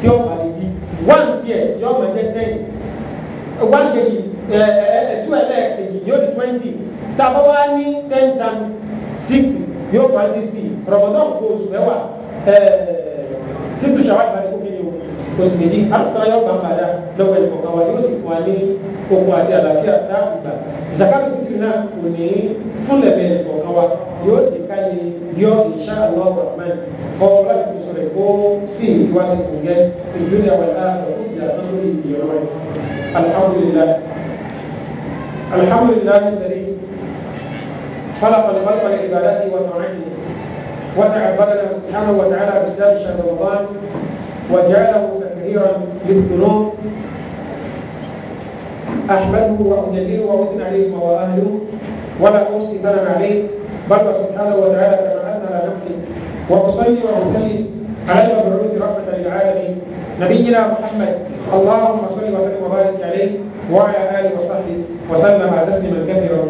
tí ó bá di one tiẹ̀ yọ ọmọ ẹ̀jẹ̀ ten one kejì ẹ ẹ two ẹlẹ́ẹ̀kejì yóò di twenty sábà wá ten times six yóò wá sixty rọ̀bọ̀dọ́n kó oṣù mẹ́wàá ẹ sítú ṣàwárí bá ní kó kéde o oṣù méjì alùpùpù ayọ̀ gbà padà lọ́wọ́ ẹ̀kọ́ kan wá yóò sì fún wa ní okun àti àlàáfíà dáàbò gbà ìsàkàtì kùtìrì náà kò ní fún lẹ́fẹ̀ẹ́ ẹ̀kọ́ kan wá yóò ti ká ní yọ ìṣá àlọ́ ọ̀gbà mẹ́rin kọ́ láti fi sọ̀rọ̀ ẹ̀kọ́ سي واسع في الدنيا والآخرة يا نصري يومين الحمد لله الحمد لله الذي خلق الخلق لعبادته وطاعته وتعبدنا سبحانه وتعالى بإسلام شهر رمضان وجعله تكبيرا للذنوب أحمده وأجلله وأثنى عليه وأهله ولا اوصي ثناء عليه بل سبحانه وتعالى كما أثنى على نفسه وأصلي وأسلم على المبعوث رحمة للعالمين نبينا محمد اللهم صل وسلم وبارك عليه وعلى آله وصحبه وسلم تسليما كثيرا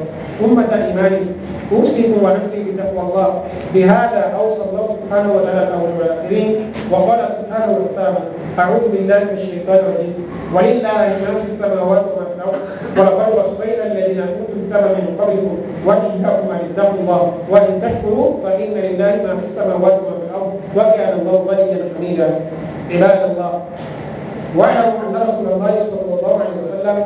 أمة الإيمان أوصيكم ونفسي بتقوى الله بهذا أوصى الله سبحانه وتعالى الأول والآخرين وقال سبحانه وتعالى أعوذ بالله من الشيطان الرجيم ولله ما في السماوات وما في الأرض ولقد وصينا الذين أوتوا أنزل من قبلكم وإياكم أن اتقوا الله وإن تشكروا فإن لله ما في السماوات وما في الأرض وكان الله غنيا حميدا عباد الله واعلموا أن رسول الله صلى الله عليه وسلم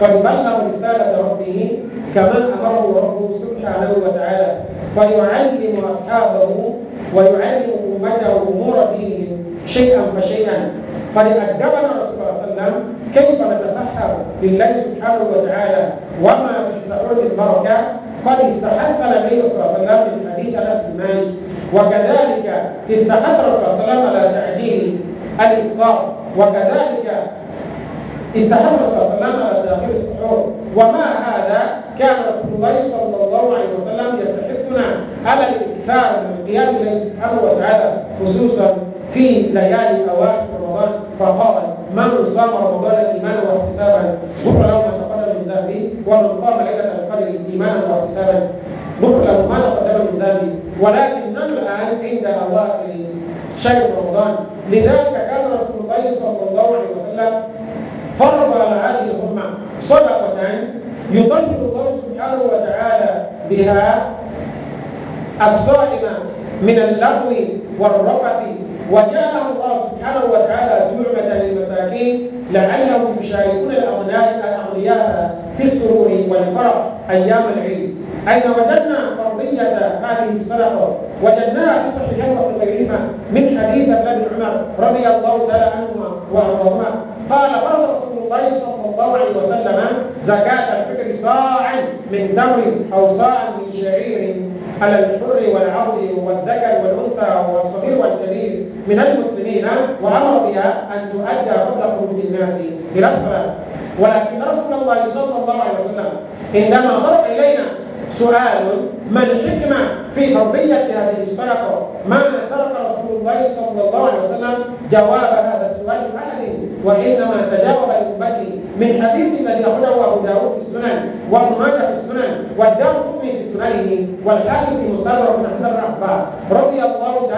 قد بلغ رسالة ربه كما أمره ربه سبحانه وتعالى فيعلم أصحابه ويعلم أمته أمور دينهم شيئا فشيئا قد أدبنا رسول الله صلى الله عليه وسلم كيف نتسحر لله سبحانه وتعالى وما يشفعون البركه قد استحث النبي صلى الله عليه وسلم الحديث على مالك وكذلك استحث الرسول صلى الله عليه وسلم على تعجيل الافطار وكذلك استحث الرسول صلى الله عليه وسلم على تاخير السحور وما هذا كان رسول الله صلى الله عليه وسلم يستحثنا على الاكثار من قيام الله سبحانه وتعالى خصوصا في ليالي اواخر رمضان فقال من صام رمضان ايمانا واحتسابا غفر له ما تقدم من ذنبه ومن قام ليله القدر ايمانا واحتسابا غفر له ما تقدم من ذنبه من الان عند الله في شهر رمضان لذلك كان رسول الله صلى الله عليه وسلم فرض على هذه الامه صدقه يطلب الله سبحانه وتعالى بها الصائم من اللغو والرفث وجعله الله سبحانه وتعالى نعمة للمساكين لعلهم يشاركون الأغنياء في السرور والفرح أيام العيد أين وجدنا فرضية هذه الصدقة وجدناها في صحيح الكريمة من حديث ابن عمر رضي الله تعالى عنهما وأرضاهما قال فرض رسول الله صلى الله عليه وسلم زكاة الفكر صاعا من تمر أو صاعا من شعير على الحر والعبد والذكر والانثى والصغير والكبير من المسلمين وامر بها ان تؤدى قبل قلوب الناس الى الصلاه ولكن رسول الله صلى الله عليه وسلم عندما مر الينا سؤال ما الحكمة في تربيه هذه السرقه؟ ماذا ترك رسول الله صلى الله عليه وسلم جواب هذا السؤال أحد وإنما تجاوب لأمته من حديث الذي أخرجه أبو داود في السنن وابن ماجه في السنن والدار في سننه والحاكم في مستدرك من حديث عباس رضي الله تعالى